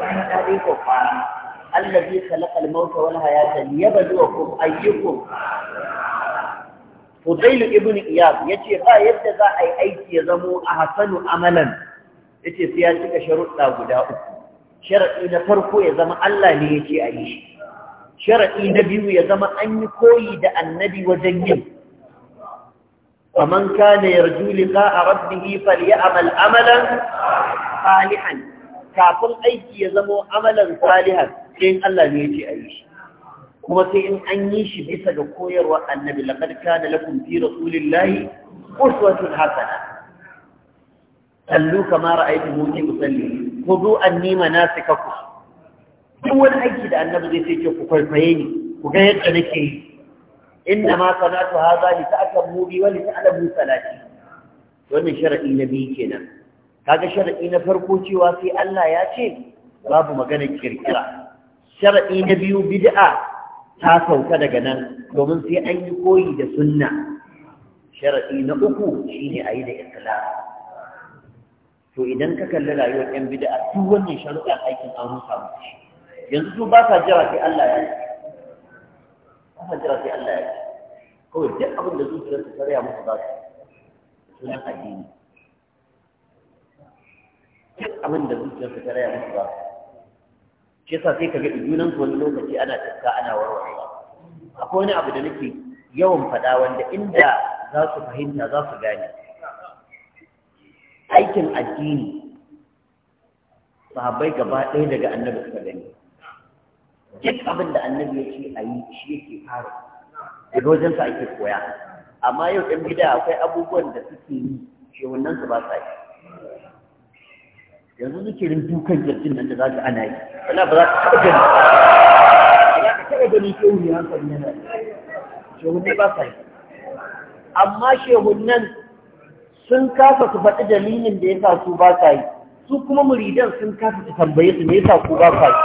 an dade ko fara allazi khalaqa al-mauta wal hayata liyabluwakum ayyukum Fudailu ibn Iyab ya ce ba yadda za a yi aiki ya zamo a hasanu amalan ya ce sai ya cika sharuɗa guda uku. Sharaɗi na farko ya zama Allah ne ya ce a yi shi. Sharaɗi na biyu ya zama an yi koyi da annabi wajen yin. Faman kana yarju liqa'a ya falyamal amalan salihan kafin aiki ya zamo amalan salihan sai Allah ne ya ce a yi shi. kuma sai in an yi shi bisa ga koyarwa annabi laqad kana lakum fi rasulillahi uswatun hasana sallu kama ra'aytumuni usalli khudu anni manasikakum duk wani aiki da annabi zai ce ku kwaifaye ni ku ga yadda nake yi inna ma sanatu hadha li ta'tamu bi wa li ta'lamu salati wannan shar'i na biyu kenan kaga shar'i na farko cewa sai Allah ya ce babu maganar kirkira shar'i na biyu bid'a ta sauka daga nan domin sai an yi koyi da sunna sharaɗi na uku ne a yi da islam to idan ka kalli rayuwar yan bid'a duk wannan sharuɗan aikin an rusa mu yanzu su ba sa jira sai Allah ya yi ba sa jira sai Allah ya kawai duk abin da zuciyarsu ta raya musu ba su sunan addini duk abin da zuciyarsu ta raya musu ba su shi yasa sai kaga junan wani lokaci ana tafka ana warwarewa akwai wani abu da nake yawan faɗa wanda inda za su fahimta za su gane aikin addini sahabbai gaba ɗaya daga annabi suka gani duk abin da annabi ya ce a yi shi yake fara daga wajensa ake koya amma yau ɗan gida akwai abubuwan da suke yi shehunansu ba sa yi yanzu rin dukan jirgin nan da za ka ana yi wala ba za ka taɓa gani ba ka taɓa gani shehu ne hankali yana yi shehu ne ba sa yi amma shehun nan sun kasa su faɗi dalilin da ya sa su ba sa yi su kuma muridan sun kasa su tambaye su me yasa ku ba sa yi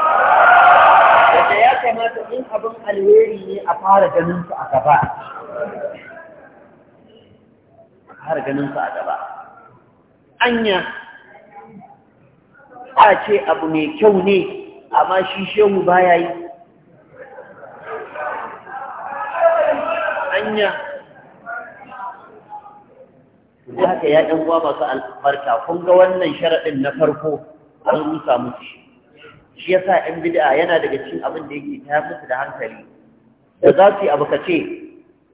wanda ya kamata in abin alheri ne a fara ganin su a gaba a fara ganin su a gaba anya a ce abu mai kyau ne amma shi shehu baya yi anya da haka ya ɗan uwa masu albarka kun ga wannan sharaɗin na farko an rusa musu shi ya sa ɗan bid'a yana daga cin abin da yake ta musu da hankali da za su yi abu ka ce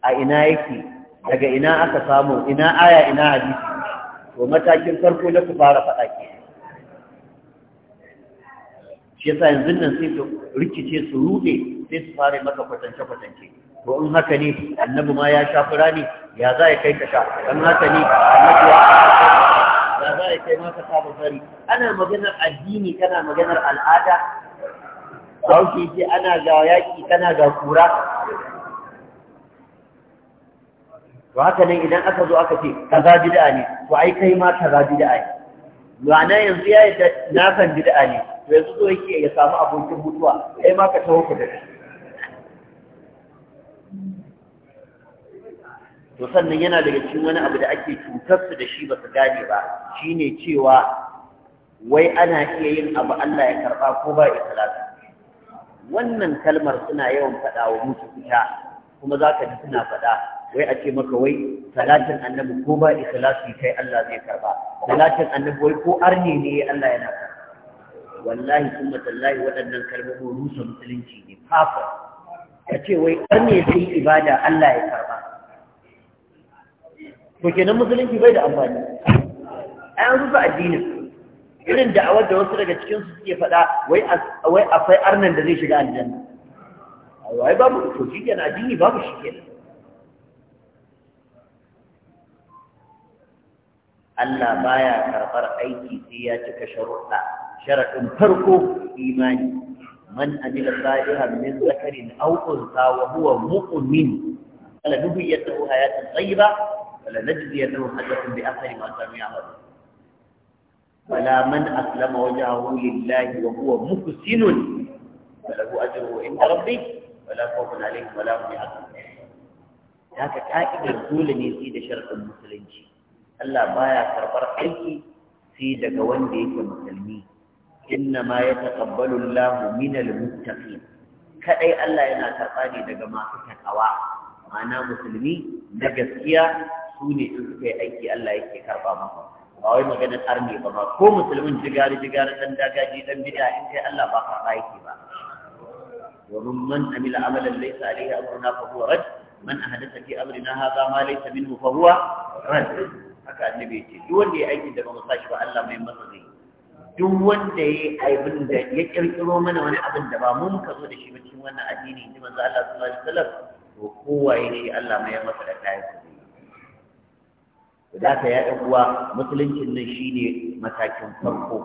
a ina yake daga ina aka samu ina aya ina hadisi to matakin farko na su fara faɗa ke shi yasa yanzu nan sai su rikice su rude sai su fara maka kwatance kwatance to in haka ne annabi ma ya sha fura ne ya za ya kai ka sha in haka ne annabi ya ya za ya kai ma ka saba fari ana maganar addini kana maganar al'ada Hauki ce ana ga yaƙi kana ga kura to haka nan idan aka zo aka ce kaza bid'a ne to ai kai ma kaza bid'a ne ma'ana yanzu ya da na kan bid'a ne to yanzu so yake ya samu abokin mutuwa kai ma ka taho ku da shi to sannan yana daga cikin wani abu da ake cutar su da shi ba su gane ba shine cewa wai ana iya yin abu Allah ya karɓa ko ba ikhlasi wannan kalmar suna yawan faɗa wa mutu kuta kuma za ka ji suna faɗa wai a ce maka wai salatin annabi ko ba ikhlasi kai Allah zai karɓa? salatin annabi wai ko arne ne Allah yana karɓa. wallahi kuma tallahi waɗannan kalmomin rusa musulunci ne fafa ka ce wai ƙarni sai ibada Allah ya karba to kenan musulunci bai da amfani ai an rufe addinin irin da awar da wasu daga cikin su suke faɗa wai wai akwai arnan da zai shiga aljanna wai babu to shi kenan addini babu shi kenan Allah baya karɓar aiki sai ya cika sharuɗa شركم فرقو إيماني من أجل صالحا من ذكر أو أنثى وهو مؤمن فلنبيته حياة طيبة فلنجزيته حجر بأخر ما كان يعمل ولا من أسلم وجهه لله وهو محسن فله أجره عند ربي ولا خوف عليه ولا هم يحزنون haka ta kike dole ne shi da sharhin musulunci Allah baya karbar aiki sai inna ma yataqabbalu Allahu minal muttaqin kadai Allah yana karɓa ne daga masu takawa ma'ana musulmi na gaskiya su ne in suka yi aiki Allah yake karɓa musu ba wai maganar arni ba ma ko musulmin jigari jigari dan dagaji dan bid'a in kai Allah ba karɓa yake ba domin man amila amalan laysa alayhi amruna fa huwa rad man ahdatha fi amrina hadha ma laysa minhu fa haka annabi ce duk wanda ya aiki da ba mu ba Allah mai masa zai duk wanda ya aibin da ya kirkiro mana wani abin da ba mu muka zo da shi ba cikin wannan addini ji manzo Allah sallallahu alaihi wasallam to kowaye shi Allah mai masa da kayan su da ka ya ɗan uwa musuluncin nan shine matakin farko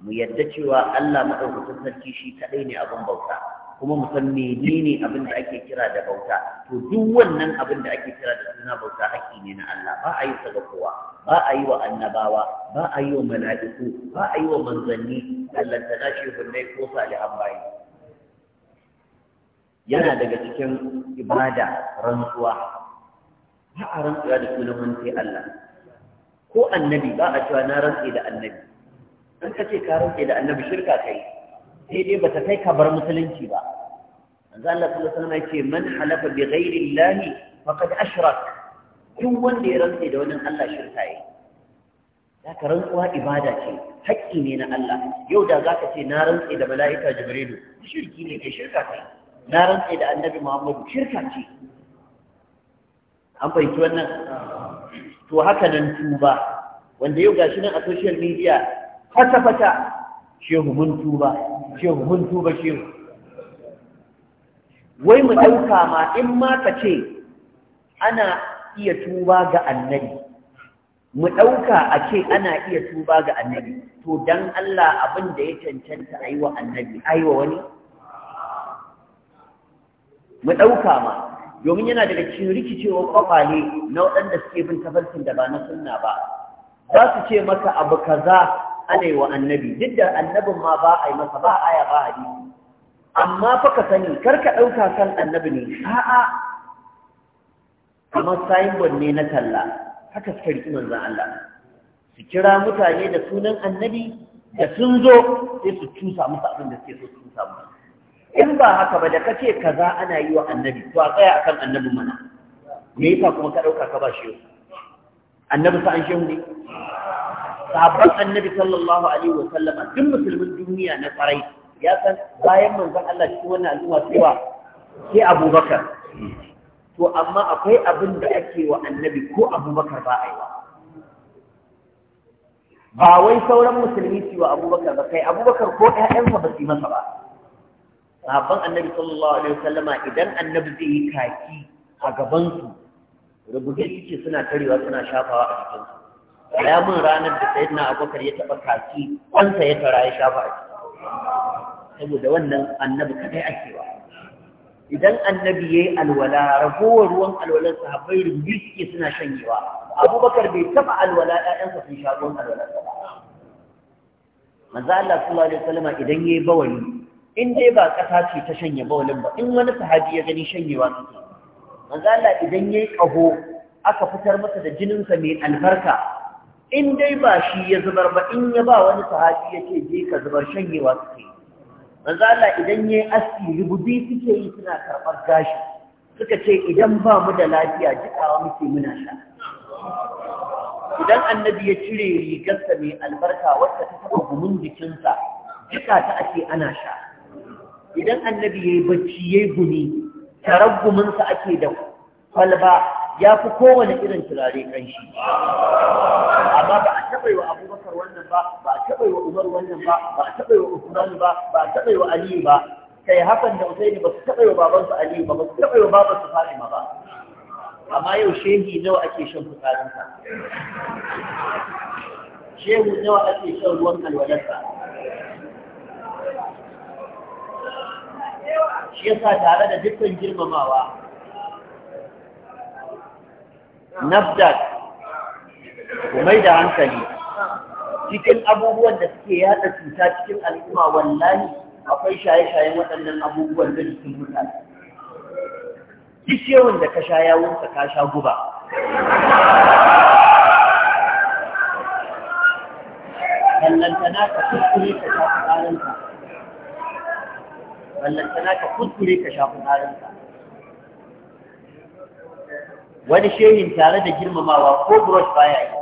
mu yadda cewa Allah madaukakin sarki shi kadai ne abin bauta kuma mu san menene abin da ake kira da bauta to duk wannan abin da ake kira da suna bauta haƙƙi ne na Allah ba a yi sa ga kowa ba a yi wa annabawa ba a yi wa mala'iku ba a yi wa manzanni lallantana shi gunnai ko salihan bayi yana daga cikin ibada rantsuwa ba a rantsuwa da sunan wani Allah ko annabi ba a cewa na rantsi da annabi an ka ce ka rantsi da annabi shirka kai sai dai bata kai ka bar musulunci ba manzo Allah sallallahu alaihi wasallam ya ce man halafa bi ghairi Allah faqad ashrak duk wanda ya rantsa da wani Allah shirka yi Da ka rantsuwa ibada ce haƙƙi ne na Allah yau da zaka ce na rantsa da mala'ika Jibrilu shirki ne kai shirka kai na rantsa da Annabi Muhammadu shirka ce an fahimci wannan to haka nan tuba wanda yau gashi nan a social media fata-fata shehu mun tuba shehu mun tuba shehu wai mu ɗauka ma in ma ka ce ana iya tuba ga annabi mu ɗauka a ce ana iya tuba ga annabi to dan Allah abin da ya cancanta a yi wa annabi a yi wa wani mu ɗauka ma domin yana daga cikin rikicewar kwakwale na waɗanda suke bin tafarkin da ba na sunna ba za su ce maka abu kaza ana yi wa annabi duk da annabin ma ba a yi masa ba aya ba hadisi amma fa ka sani kar ka ɗauka kan annabi ne a'a kamar signboard ne na talla haka suka riƙi manzan Allah su kira mutane da sunan annabi da sun zo sai su cusa musu abin da suke so su cusa musu in ba haka ba da kace kaza ana yi wa annabi to a tsaya akan annabi mana me yasa kuma ka ɗauka ka ba shi annabi sa an mu ne sahabban annabi sallallahu alaihi wa sallam, duk musulmin duniya na tsarai ya san bayan manzon Allah cikin wannan al'umma cewa sai Abubakar to amma akwai abin da ake wa annabi ko Abubakar ba a yi ba wai sauran musulmi su wa Abubakar ba kai Abubakar ko ƴaƴansa ba su masa ba sahabban annabi sallallahu alaihi wa sallam idan annabi zai yi kaki a gabansu. su rubuce suke suna tarewa suna shafawa a jikinsu ya mun ranar da sayid na abubakar ya taɓa kaki ɗansa ya tara ya shafa a saboda wannan annabi kadai ake wa idan annabi ya yi alwala ragowar ruwan alwalar sahabbai rubi suke suna shanyewa abubakar bai taɓa alwala ɗayansa sun sha ruwan alwalar ba manzo Allah sallallahu alaihi wasallam idan yayi bawali in dai ba kasa ce ta shanye bawalin ba in wani sahabi ya gani shanyewa suke manzo Allah idan yayi kaho aka fitar masa da jininsa mai albarka in dai ba shi ya zubar ba in ya ba wani sahabi ya ce je ka zubar shanyewa suke yi manzo Allah idan yayi aski rububi suke yi suna karɓar gashi suka ce idan ba mu da lafiya jikawa muke muna sha idan annabi ya cire rigarsa mai albarka wacce ta taɓa gumin jikinsa jika ta ake ana sha idan annabi ya yi bacci ya yi gumi taragguminsa ake da kwalba ya fi kowane irin turare kanshi amma ba a taɓa yi wa abubakar wannan ba ba a taɓa yi wa umar wannan ba ba a taɓa yi wa usman ba ba a taɓa yi wa aliyu ba kai hakan da usaini ba su taɓa yi wa babansu aliyu ba ba su taɓa yi wa babansu fatima ba amma yau shehi nawa ake shan fitsarinsa shehu nawa ake shan ruwan alwalarsa shi yasa tare da dukkan girmamawa nafdat ku mai da hankali cikin abubuwan da suke yada cuta cikin al'umma wallahi akwai shaye shaye waɗannan abubuwan da jikin mutane duk yawan da ka sha yawonsa ka sha guba ballantana ka kuskure ka sha fitsarinka ballantana ka kuskure ka sha fitsarinka wani shehin tare da girmamawa ko brush baya yi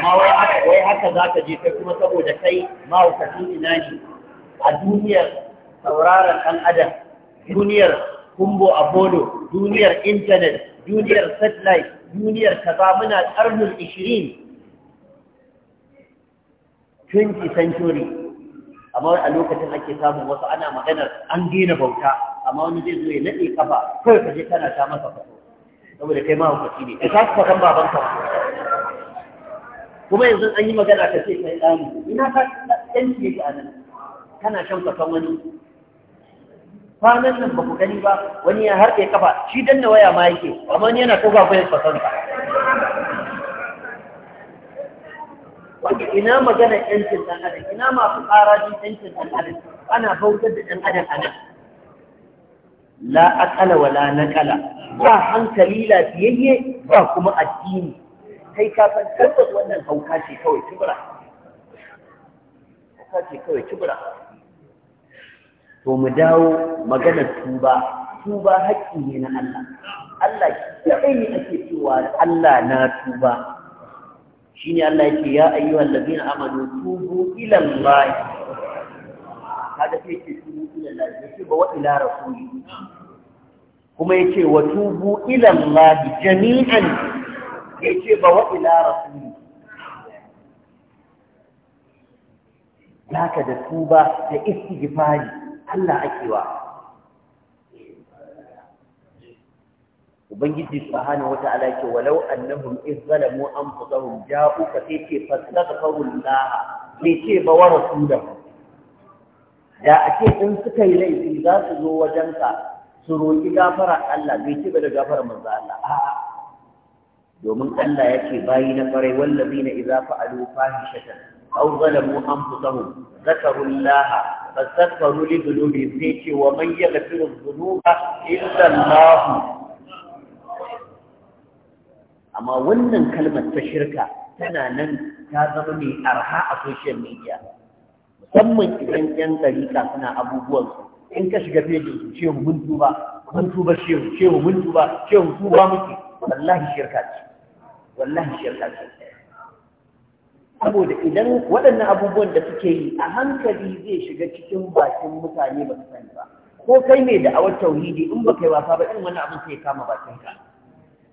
amma wai haka za ka je kai kuma saboda kai mahaukacin ina ne a duniyar sauraron ɗan adam duniyar kumbo a apollo duniyar intanet duniyar satellite duniyar kaza muna ƙarnin ishirin 20 century amma a lokacin ake samun wasu ana maganar an daina bauta amma wani zai zo ya nade kafa kawai ka je kana ta masa fato saboda kai ma hukunci ne ka kafa kan baban ka kuma yanzu an yi magana ka ce kai ɗani ina ka ɗanci yake a nan kana shan fakan wani kwanan nan ba ku gani ba wani ya harɗe kafa shi danna waya ma yake amma wani yana kofa bayan fakan ka wanda ina magana yancin ɗan adam ina masu ƙara yancin ɗan adam ana bautar da ɗan adam a nan la akala wala nakala ba hankali lafiyayye ba kuma addini kai ka san tabbas wannan hauka ce kawai kibra hauka ce kawai kibra to mu dawo magana tuba tuba haƙƙi ne na Allah Allah kai ne ake cewa Allah na tuba shine Allah yake ya ayyuhal ladina amanu tubu ila Allah kada kai ce tubu ila Allah ba wa ila rasuli kuma yace wa tubu ila Allah jami'an yace ba wa ila rasuli zaka da tuba da istighfari Allah ake wa ubangiji subhanahu wata'ala yake walau annahum iz zalamu anfusahum ja'u ka sai ce Allah sai ce ba wa rasulahu da ake in suka yi laifi za su zo wajenka su roƙi gafara Allah bai ci da gafara manzo Allah a'a domin Allah ya ce bayi na farai wallazi na idza fa'alu fahishatan aw zalamu anfusahum zakaru Allah fastaghfiru li ce wa man yaghfiru dhunuba illa Allah amma wannan kalmar ta shirka tana nan ta zama mai arha a social media musamman idan 'yan ɗarika suna abubuwansu in ka shiga fiye da su ce mun tuba mun tuba shehu shehu mun tuba shehu tuba muke wallahi shirka ce wallahi shirka ce saboda idan waɗannan abubuwan da suke yi a hankali zai shiga cikin bakin mutane ba su sani ba ko kai mai da awar tauhidi in ba kai wasa ba in wani abin sai kama bakin ka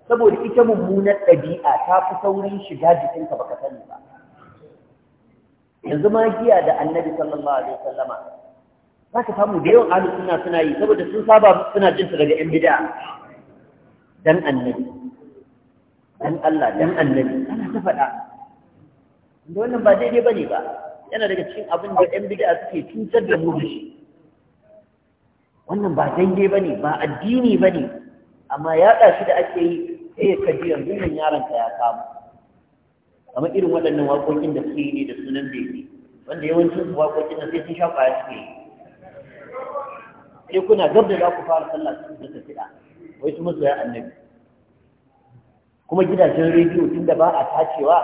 saboda ita mummunar ɗabi'a ta fi saurin shiga jikinka ka sani ba yanzu ma giya da annabi sallallahu alaihi wasallama za ka samu da yawan Alu suna suna yi saboda sun saba suna jin su daga yan bid'a dan annabi dan Allah dan annabi ana ta faɗa inda wannan ba daidai bane ba yana daga cikin abin da yan bid'a suke cutar da mu da shi wannan ba daidai bane ba addini bane amma yaɗa shi da ake yi sai ya kaji yanzu nan yaron ka ya samu kamar irin waɗannan waƙoƙin da suke yi da sunan bebe wanda yawancin waƙoƙin da sai sun sha ƙwaya suke yi sai kuna gab da za ku fara sallah sun da kiɗa wai su masoya annabi kuma gidajen rediyo tun da ba a tacewa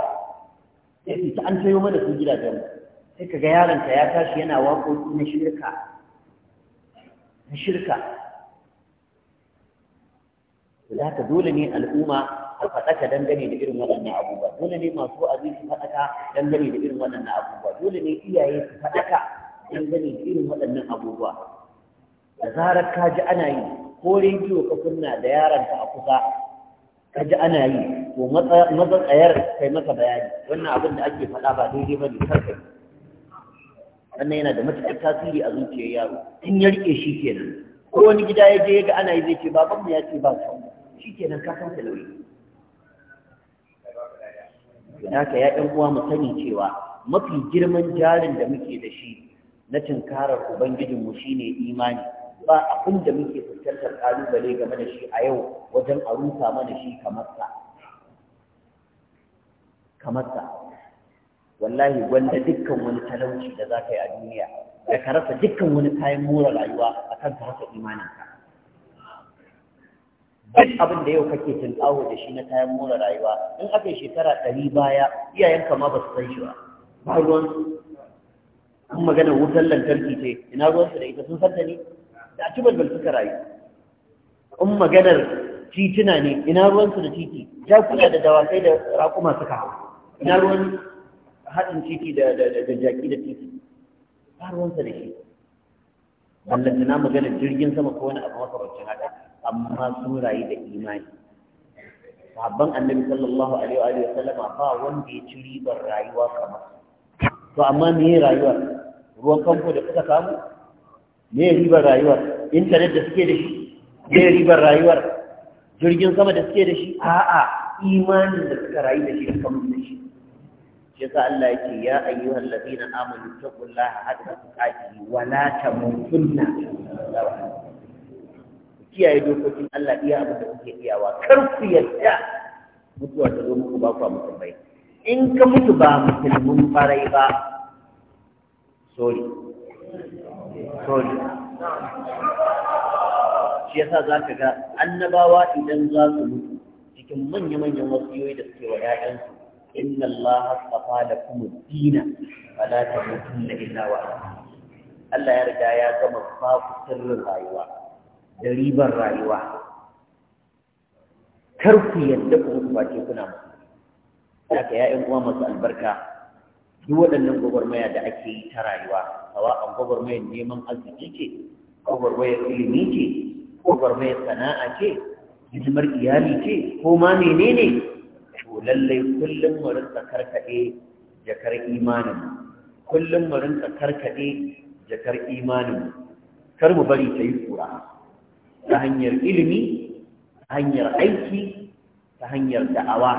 sai su ta an sayo mana su gidajen mu sai ka ga yaronka ya tashi yana waƙoƙi na shirka na shirka da haka dole ne al'umma a faɗaka dangane da irin waɗannan abubuwa dole ne masu wa'azi su faɗaka dangane da irin waɗannan abubuwa dole ne iyaye su faɗaka dangane da irin waɗannan abubuwa da zarar ka ji ana yi ko rediyo ka kunna da yaronka a kusa ka ji ana yi ko maza tsayar kai masa bayani wannan abin da ake faɗa ba daidai ba ne karfe wannan yana da matuƙar tasiri a zuciyar yaro in ya rike shi kenan ko wani gida ya je ya ga ana yi zai ce babanmu ya ce ba su shi kenan ka san talauci haka ya ɗan uwa mu sani cewa mafi girman jarin da muke da shi na tunkarar ubangijinmu shine imani ba abin da muke fuskantar kalubale game da shi a yau wajen a rusa mana shi kamar sa kamar sa wallahi wanda dukkan wani talauci da zaka yi a duniya da ka rasa dukkan wani kayan more rayuwa akan ka rasa imaninka duk abin da yau kake tunƙaho da shi na kayan more rayuwa in aka yi shekara ɗari baya iyayenka ma ba su san shi ba ba ruwansu An maganar wutar lantarki ce ina ruwan su da ita sun santa ne da a tubalbal suka rayu in maganar titina ne ina ruwansu da titi jakuna da dawakai da raƙuma suka hau ina ruwan haɗin titi da jaki da titi ba ruwansa da shi wannan tana maganar jirgin sama ko wani abu makamancin haka amma sun rayu da imani sabban annabi sallallahu alaihi wa sallama ba wanda ya ci ribar rayuwa kamar to amma me rayuwar ruwan famfo da kuka samu me ribar rayuwar intanet da suke da shi me ribar rayuwar jirgin sama da suke da shi a'a imanin da suka rayu da shi da kamar da shi shi sa Allah yake ya ayyuhal ladina amanu taqullaha haqqa tuqatihi wa la tamutunna wa kiyaye dokokin Allah iya abin da kuke iyawa kar ku yarda mutuwa ta zo muku ba ku musulmai in ka mutu ba musulmin farai ba sorry solid shi yasa za ka ga annabawa idan za su mutu cikin manya-manyan wasiyoyi da suke wa ‘ya'yansu inna Allah haskafa da kuma dina fala ta mutum na illa wa Allah ya riga ya gama faku sirrin rayuwa da ribar rayuwa kar ku yadda ku mutu ba ke kuna mutu ya ka ‘ya'yan kuma masu albarka duk waɗannan gwagwarmaya da ake yi ta rayuwa a gwagwarmayar neman arziki ce gwagwarmayar ilimi ce gwagwarmayar sana'a ce hidimar iyali ce ko ma menene to lallai kullum mu rinka karkaɗe jakar imanin kullum mu rinka karkaɗe jakar imanin kar mu bari ta yi tsura ta hanyar ilimi ta hanyar aiki ta hanyar da'awa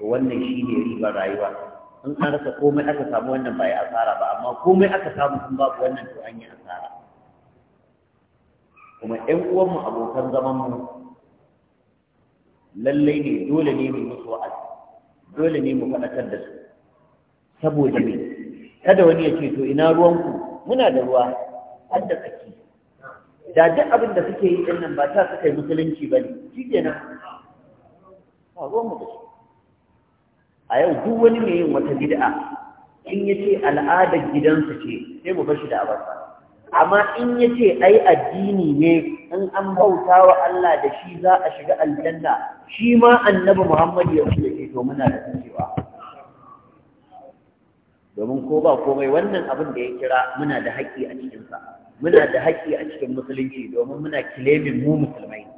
wannan shi ne ribar rayuwa in an rasa komai aka samu wannan ba ya asara ba amma komai aka samu kun babu wannan to an yi asara kuma ƴan uwanmu abokan zamanmu lallai ne dole ne mu musu wa'azi dole ne mu faɗakar da su saboda me kada wani ya ce to ina ruwanku muna da ruwa har da tsaki da duk abin da suke yi ɗin nan ba ta suka yi musulunci ba ne shi kenan ba ruwanmu da shi a yau duk wani mai yin wata bid'a in ya ce al'adar gidansa ce sai mu bashi da abarsa amma in ya ce ai addini ne in an bauta wa Allah da shi za a shiga aljanna shi ma annabi Muhammad ya ce eh, to muna da cewa domin ko ba komai wannan abin da ya kira muna da haƙƙi a cikinsa muna da haƙƙi a cikin musulunci domin muna kilemin mu musulmai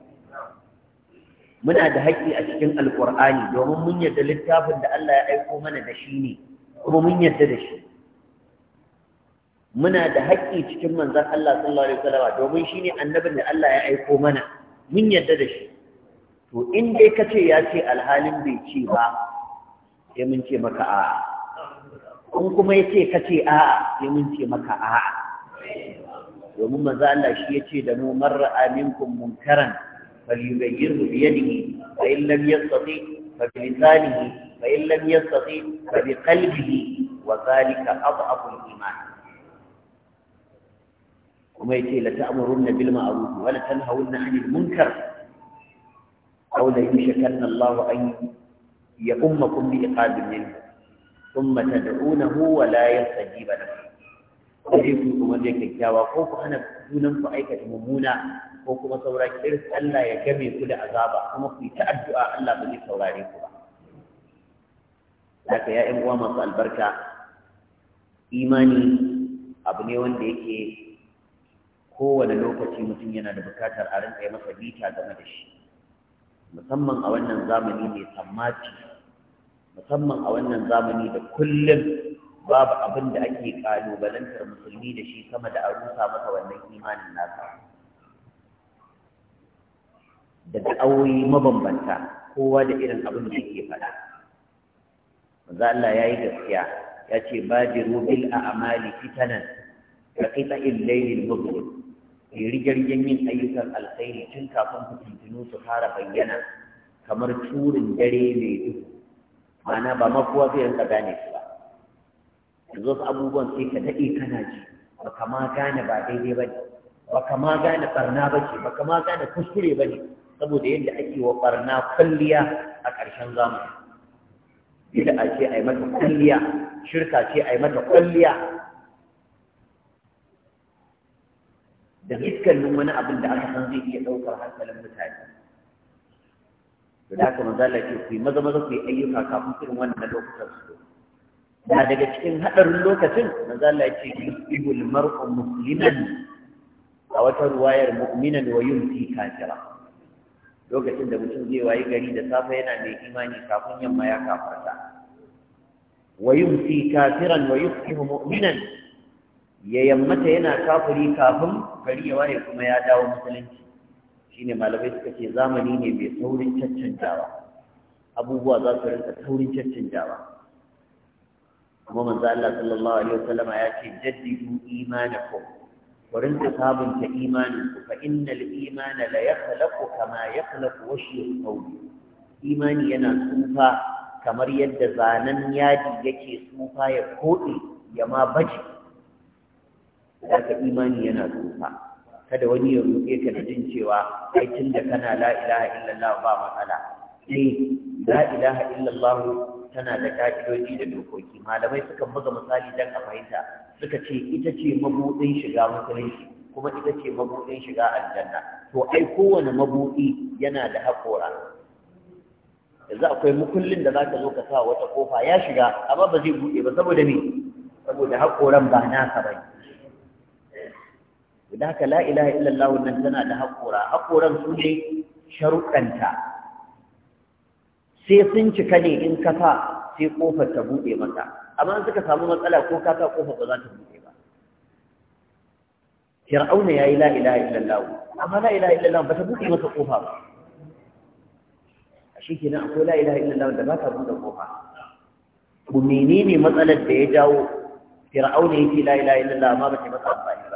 muna da haƙƙi a cikin alƙur'ani domin mun yarda littafin da Allah ya aiko mana da shi ne kuma mun yarda da shi muna da haƙƙi cikin manzon Allah sallallahu alaihi wasallam domin shi ne annabin da Allah ya aiko mana mun yarda da shi to in dai ka ce ya ce alhalin bai ce ba sai mun ce maka a in kuma ya ce ka ce a sai mun ce maka a domin manzon Allah shi ya ce da mu marra aminkum munkaran فليغيره بيده فإن لم يستطع فبلسانه فإن لم يستطع فبقلبه وذلك أضعف الإيمان وما يتي لتأمرن بالمعروف ولا تنهون عن المنكر أو ليشكن الله أن يؤمكم بإقاب منه ثم تدعونه ولا يستجيب لكم. Kuje ku kuma zai kyakkyawa ko ku hana junanku aikata mummuna ko kuma saura kirs Allah ya game ku da azaba kuma ku yi ta addu'a Allah ba zai saurare ku ba haka ya uwa masu albarka imani abu ne wanda yake kowane lokaci mutum yana da bukatar a rinka yi masa bita game da shi musamman a wannan zamani mai sammaci musamman a wannan zamani da kullum babu abin da ake kalubalantar musulmi da shi sama da a rusa masa wannan imanin nasa da aure mabambanta kowa da irin abin da yake faɗa manzo Allah yayi gaskiya ya ce badiru bil a'mali fitanan ka kita il layl mubrid yi rigirgen yin ayyukan alkhairi tun kafin fitintunu su fara bayyana kamar turin dare mai duhu ma'ana ba ma kowa zai rinka gane su ba yanzu su abubuwan sai ka daɗe kana ji baka ma gane ba daidai ba ne baka ma gane barna ba ce baka ma gane kuskure ba ne saboda yadda ake wa barna kwalliya a ƙarshen zamani a ce a yi mata kwalliya shirka ce a yi mata kwalliya da dukkanin wani abin da aka san zai iya ɗaukar hankalin mutane da haka maza lafi ku yi maza maza ku yi ayyuka kafin irin wannan lokacin su na daga cikin haɗarin lokacin maza lafi ibul mar'u musliman a wata ruwayar mu'minan wa yumti kafira lokacin da mutum zai wayi gari da safe yana mai imani kafin yamma ya kafarta wa yumsi kafiran wa yusbihu mu'minan ya yammata yana kafiri kafin gari ya waye kuma ya dawo musulunci shine malamai suka ce zamani ne mai saurin caccanjawa abubuwa za su rinka saurin caccanjawa kuma manzo Allah sallallahu alaihi wasallama ya ce jaddidu imanakum ورنت صابن كإيمان فإن الإيمان لا يخلق كما يخلق وشي القول إيماني أنا صوفا كما يد زانن يادي يكي صوفا يقوئي يما بجي ذاك إيماني أنا صوفا kada wani ya roƙe ka da jin cewa ai tun da kana la ilaha illallah ba matsala eh la ilaha illallah tana da ka'idoji da dokoki malamai suka buga misali dan a fahimta suka ce ita ce mabuɗin shiga musulunci kuma ita ce mabuɗin shiga aljanna to ai kowane mabuɗi yana da haƙora yanzu akwai mukullin da zaka zo ka sa wata kofa ya shiga amma ba zai buɗe ba saboda me saboda haƙoran ba naka ba da haka la ilaha illallah wannan tana da haƙora haƙoran su ne sharuɗanta sai sun cika ne in kafa sai kofar ta buɗe maka amma in suka samu matsala ko ka sa kofar ba za ta buɗe ba fir'auna yayi la ilaha illallah amma la ilaha illallah ba ta buɗe masa kofa ba ashe nan akwai la ilaha illallah da ba ta buɗe kofa to menene matsalar da ya jawo fir'auna yake la ilaha illallah amma ba ta masa amfani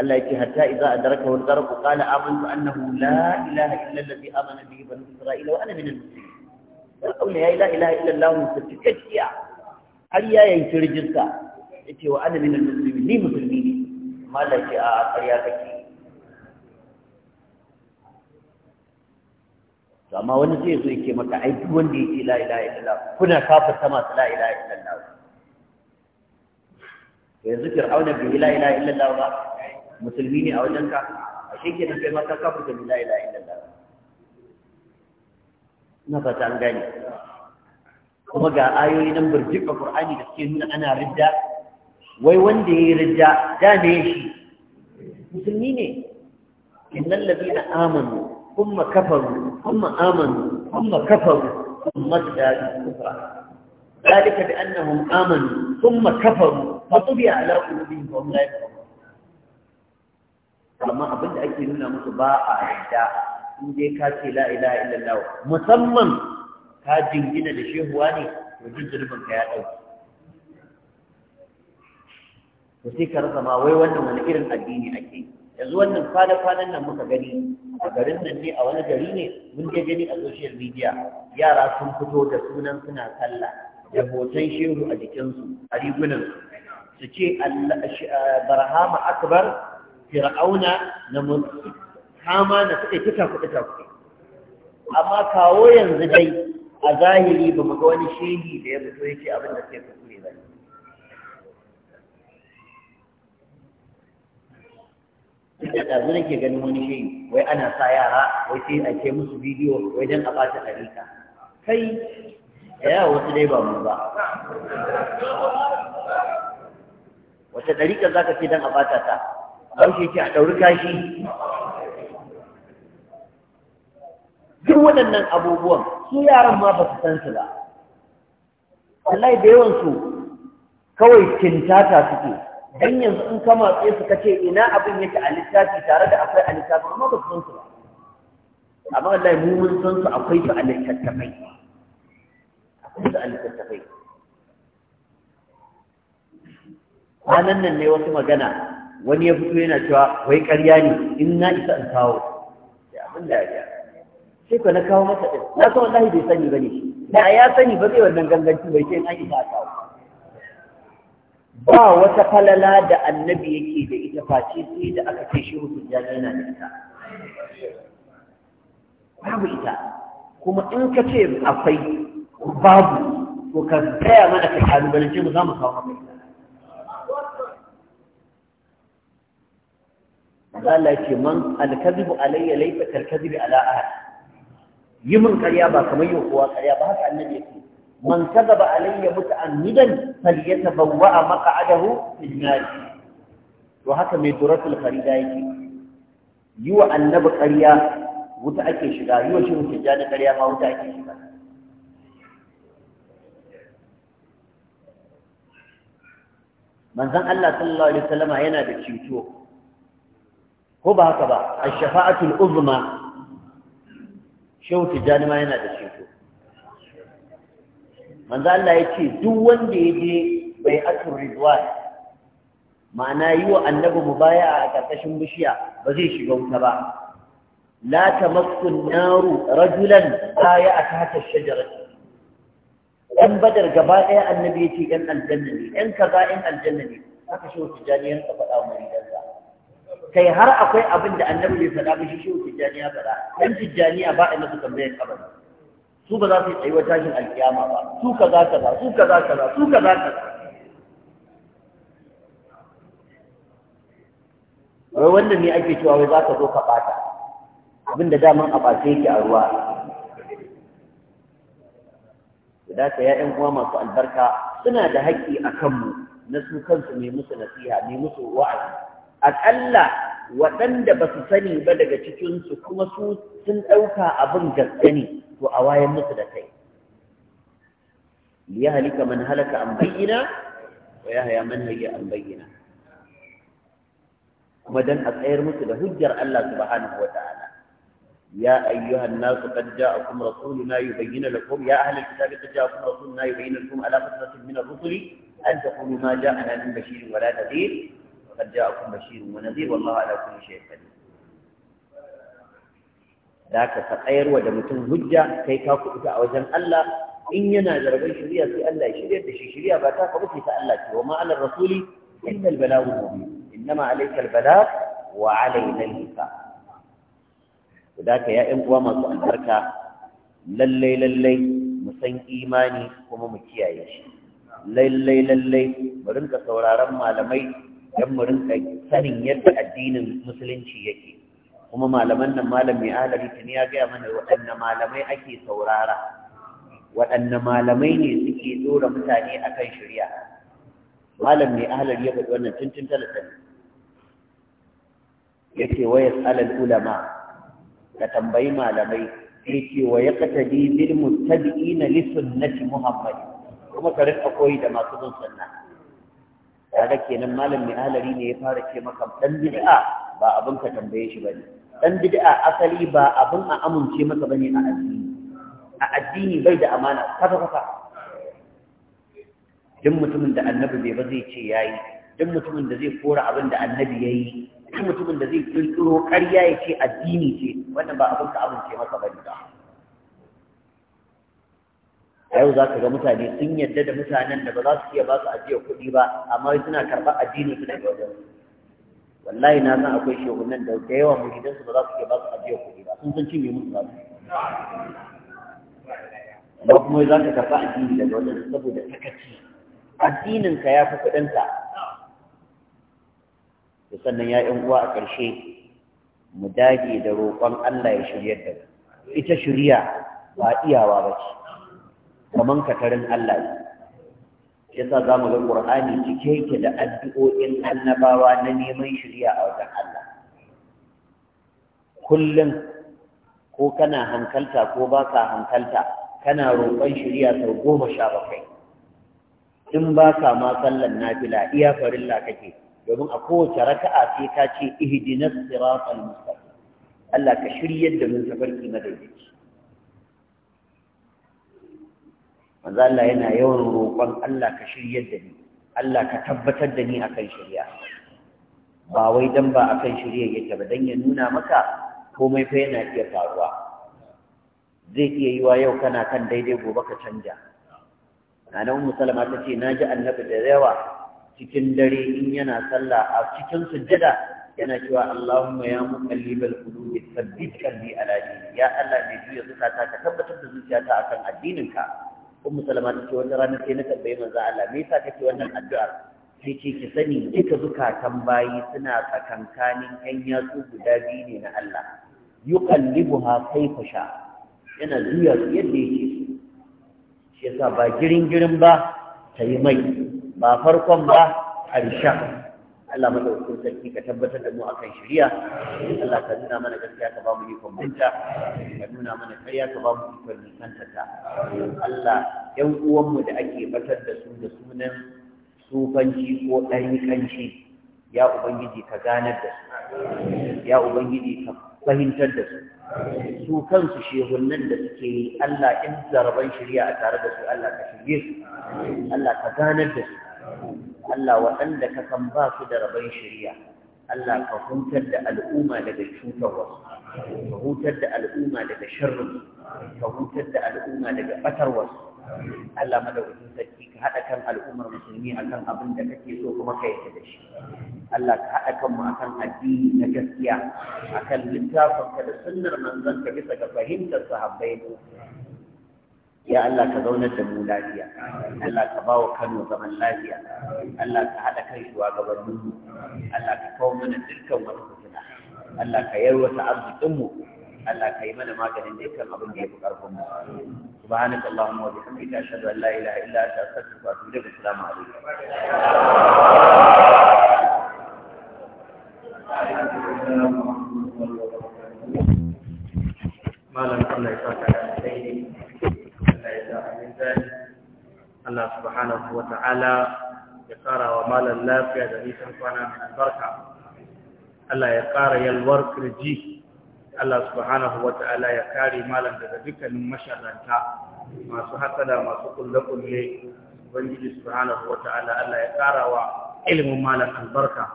Allah yake hatta idza adraka wal gharq qala amantu annahu la ilaha illa alladhi amana bihi banu isra'ila wa ana min al-muslimin kaula ya la ilaha illa allah mutakkiya har ya yi rijista yace wa ana min al-muslimin ni musulmi ne malaki a ƙarya take to amma wani zai zo yake maka ai duk wanda yake la ilaha illallah kuna sama su la ilaha illallah yanzu fir'auna bai la ilaha illallah ba musulmi ne a wajenka a shi ke kai maka kafurta bi la ilaha illallah na fata an gane kuma ga ayoyi nan burjik a qur'ani da suke nuna ana ridda wai wanda yayi ridda da ne shi musulmi ne innal ladina amanu thumma kafaru thumma amanu thumma kafaru thumma zadu kufra ذلك بأنهم آمنوا ثم كفروا فطبع على قلوبهم وهم لا يفقهون amma abin da ake nuna musu ba a yarda in dai ka ce la ilaha illallah musamman ka jingina da shehuwa ne to jin zulubin ka ya dauki to sai ka rasa ma wai wannan wani irin addini ake yanzu wannan kwana kwanan nan muka gani a garin nan ne a wani gari ne mun je gani a social media yara sun fito da sunan suna sallah da hoton shehu a jikinsu a rigunansu su ce eh, barhama akbar fir'auna na mulki kama na suka fita kuɗi ta kuɗi amma kawo yanzu dai a zahiri ba mu ga wani shehi da ya ya yake abin da ke kuskure ba ne da ɗazu ke ganin wani shehi wai ana sa yara wai sai a ke musu bidiyo wai don a ɓata ɗarika kai ya wasu dai ba mu ba wata ɗarika za ka ce don a ɓata ta haushe ce a ɗauri kashi duk waɗannan abubuwan su yaran ma ba su san su ba wallahi da yawan su kawai kintata suke dan yanzu in ka sai su kace ina abin yake a littafi tare da akwai a littafi amma ba su san su ba amma wallahi mu mun san su akwai su a littattafai akwai su a littattafai kwanan nan ne wasu magana wani ya fito yana cewa wai ƙarya ne in na isa in kawo ya abin da ya sai ka na kawo masa ɗin na san wallahi bai sani ba ne da ya sani ba zai wannan ganganci bai ce in an isa a kawo ba wata falala da annabi yake da ita face sai da aka kai shi hukun ya yana da ita babu ita kuma in ka ce akwai babu to ka gaya mana ka kalubalance mu za mu kawo maka ita Allah ce man alkazibu alayya laysa kalkazibi ala ahad yi min ƙarya ba kamar yin kowa ƙarya ba haka annabi yake man kazaba alayya muta'ammidan falyatabawwa maq'adahu fil nar to haka mai duratul farida yake yi wa annabi ƙarya wuta ake shiga yi wa shi mutujja ƙarya ma wuta ake shiga manzon Allah sallallahu alaihi wasallama yana da cuto ko ba haka ba a shafa'atul uzma shehu tijjani ma yana da ceto manzo Allah ya ce duk wanda ya je bai atur ridwan ma'ana yi wa annabi baya a karkashin bishiya ba zai shiga wuta ba la tamassu naru rajulan baya a tahta shajarati badar gaba ɗaya annabi ya ce ɗan aljanna ne ɗan kaza ɗan aljanna ne haka shehu tijjani ya faɗa wa maridansa kai har akwai abin da annabi bai faɗa ba shi shi tijjaniya faɗa dan tijjaniya ba a masa tambayar kabari su ba za su yi tsayuwa tashin alkiyama ba su ka za kaza za, su ka za kaza za, su ka za kaza za. wai wanda ne ake cewa wai za ka zo ka ɓata abin da daman a ɓace yake a ruwa da ka ya'yan uwa masu albarka suna da haƙƙi a kanmu na su kansu mai musu nasiha mai musu wa'azi aƙalla wadanda ba su sani ba daga cikin su kuma su sun dauka abin gaskani to a wayan musu da kai liya halika man halaka an bayyana wa ya haya man hayya an bayyana kuma dan a tsayar musu da hujjar Allah subhanahu wa ta'ala يا أيها الناس قد جاءكم رسولنا يبين لكم يا أهل الكتاب قد جاءكم رسولنا يبين لكم على فترة من الرسل أن تقولوا ما جاءنا من بشير ولا نذير وقد جاءكم بشير ونذير والله على كل شيء قدير ذاك فقير وده متن هجة كي تاكو إذا أوزن الله إن ينادر بي شريا في الله شريا تشي شريا باتاك بكي فألاك وما على الرسول إلا البلاء المبين إنما عليك البلاء وعلينا الهفاء وذاك يا إم وما تؤثرك للي للي مسن إيماني وممكيا يشي للي للي ورنك سوراء رمى لمي don mu rinka sanin yadda addinin musulunci yake kuma malaman nan malam mai adali tuni ya gaya mana waɗanne malamai ake saurara waɗanne malamai ne suke dora mutane akan shari'a malam mai adali ya faɗi wannan tuntun talatin ya ce wa yas'alal ulama ka tambayi malamai ya ce wa yaqtadi bil muttabi'ina li sunnati muhammad kuma ka rinka koyi da masu bin sunna kaga kenan malam mai ahalari ne ya fara ce maka dan bid'a ba abin ka tambaye shi bane dan bid'a asali ba abin a amince maka bane a addini a addini bai da amana kafa kafa duk mutumin da annabi bai ba zai ce yayi duk mutumin da zai kora abin da annabi yayi duk mutumin da zai kirkiro ƙarya ya ce addini ce wannan ba abin ka amince maka bane ba a yau za ka ga mutane sun yadda da mutanen da ba za su iya ba su ajiyar kuɗi ba amma suna karɓar addini su daga wajen wallahi na san akwai shehunan da da yawa muhidan ba za su iya ba su ajiyar kuɗi ba sun san cinye musu ba su ba kuma za ka karɓa addini daga wajen saboda takaci addinin ka ya fi kuɗinka da sannan ya yi uwa a ƙarshe mu dage da roƙon Allah ya shiryar da ita shirya ba iyawa ba ce kaman katarin Allah ne yasa za mu ga Qur'ani cike yake da addu'o'in annabawa na neman shirya a wajen Allah kullum ko kana hankalta ko baka hankalta kana roƙon shirya sau goma sha bakwai in baka ma sallan nafila iya farilla kake domin a kowace raka'a sai ka ce ihdinas siratal mustaqim Allah ka shiryar da mun tafarki madaidaici manzo Allah yana yawan roƙon Allah ka shiryar da ni Allah ka tabbatar da ni akan shirya ba wai dan ba akan shirya yake ba dan ya nuna maka komai fa yana iya faruwa zai iya yiwa yau kana kan daidai gobe ka canja Nana Ummu Salama ta ce naji Annabi da yawa cikin dare in yana sallah a cikin sujjada yana cewa Allahumma ya muqallibal qulubi thabbit qalbi ala dinika ya Allah ne juya zukata ka tabbatar da zuciyata akan addininka Kuma salama ta ce wata rana sai na tambayi manzo Allah me yasa kake wannan addu'ar sai ce ki sani duka zukatan bayi suna tsakankanin ƴan yatsu guda biyu ne na Allah yuqallibuha kayfa sha yana juya yadda yake so shi yasa ba girin girin ba ta yi mai ba farkon ba ƙarshen Allah madaukakin sarki ka tabbatar da mu akan shari'a Allah ka nuna mana gaskiya ka ba mu ikon binta ka nuna mana ƙarya ka ba mu ikon nisanta ta Allah ƴan uwanmu da ake batar da su da sunan sufanci ko ɗariƙanci ya ubangiji ka ganar da su ya ubangiji ka fahimtar da su su kansu shehunan da suke yi Allah in zaraban shari'a a tare da su Allah ka shirye su Allah ka ganar da su Allah waɗanda ka san ba su da rabon shirya. Allah ka hutar da al'umma daga cutarwa ka hutar da al'umma daga sharrin ka hutar da al'umma daga batarwa Allah madaukakin sarki ka haɗa kan al'ummar musulmi akan abin da kake so kuma ka yarda da shi Allah ka haɗa kan mu akan addini na gaskiya akan littafin ka da sunnar manzon ka bisa ga fahimtar sahabbai ya Allah ka zaunar da mu lafiya Allah ka ba wa Kano zaman lafiya Allah ka haɗa kan shugabannin mu Allah ka kawo mana dukkan wata fitina Allah ka yarwata arzikin mu Allah ka yi mana maganin dukkan abin da ya fi ƙarfin mu subhanaka allahumma wa bihamdika ashhadu an la ilaha illa anta astaghfiruka wa atubu ilaik assalamu alaikum malam Allah ya saka Allah subhanahu wa ta'ala ya ƙara wa malar lafiya da nisan kwana mai albarka Allah ya ƙara yalwar kirji Allah subhanahu wa ta'ala ya kare malam daga dukkanin masharanta masu hasada masu kulle-kulle Ubangiji subhanahu wa ta'ala Allah ya ƙara wa ilimin malam albarka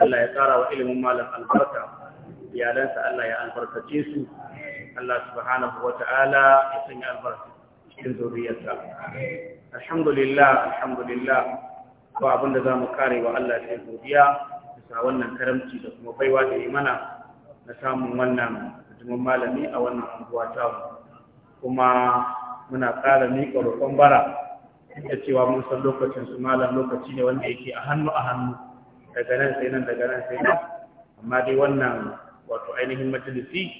Allah ya ƙara wa ilimin malam albarka iyalansa Allah ya albarkace su Allah subhanahu wa ta'ala ya sanya albarka cikin zuriyarsa alhamdulillah alhamdulillah ba abin da za mu kare wa Allah sai godiya bisa wannan karamci da kuma baiwa da mana na samun wannan mutumin malami a wannan anguwa ta kuma muna ƙara miƙa roƙon bara da cewa mun san lokacin su malam lokaci ne wanda yake a hannu a hannu daga nan sai nan daga nan sai nan amma dai wannan wato ainihin majalisi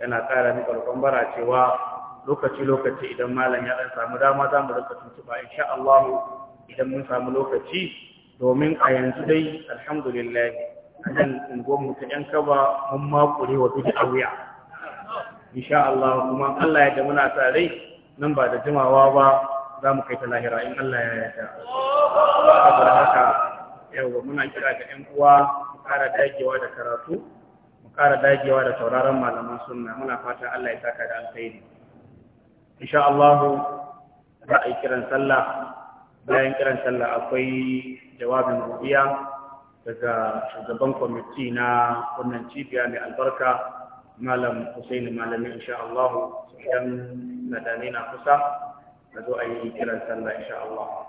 yana ƙara miƙa roƙon bara cewa lokaci-lokaci idan malam ya ɗan samu dama za mu rika tuntuba insha Allah idan mun samu lokaci domin a yanzu dai alhamdulillah a nan unguwar mu ta ‘yan kaba mun makure wa duk a wuya insha Allah kuma Allah ya da muna tare nan ba da jimawa ba za mu kai ta lahira in Allah ya yarda saboda haka yawa muna kira ga ‘yan uwa mu ƙara dagewa da karatu mu ƙara dagewa da sauraron malaman sunna muna fata Allah ya saka da alkhairi insha Allah za a yi kiran sallah bayan kiran sallah akwai jawabin rubiya daga shugaban kwamiti na wannan cibiya mai albarka malam Hussein malami insha Allah idan nadane na kusa a zo a yi kiran sallah insha Allah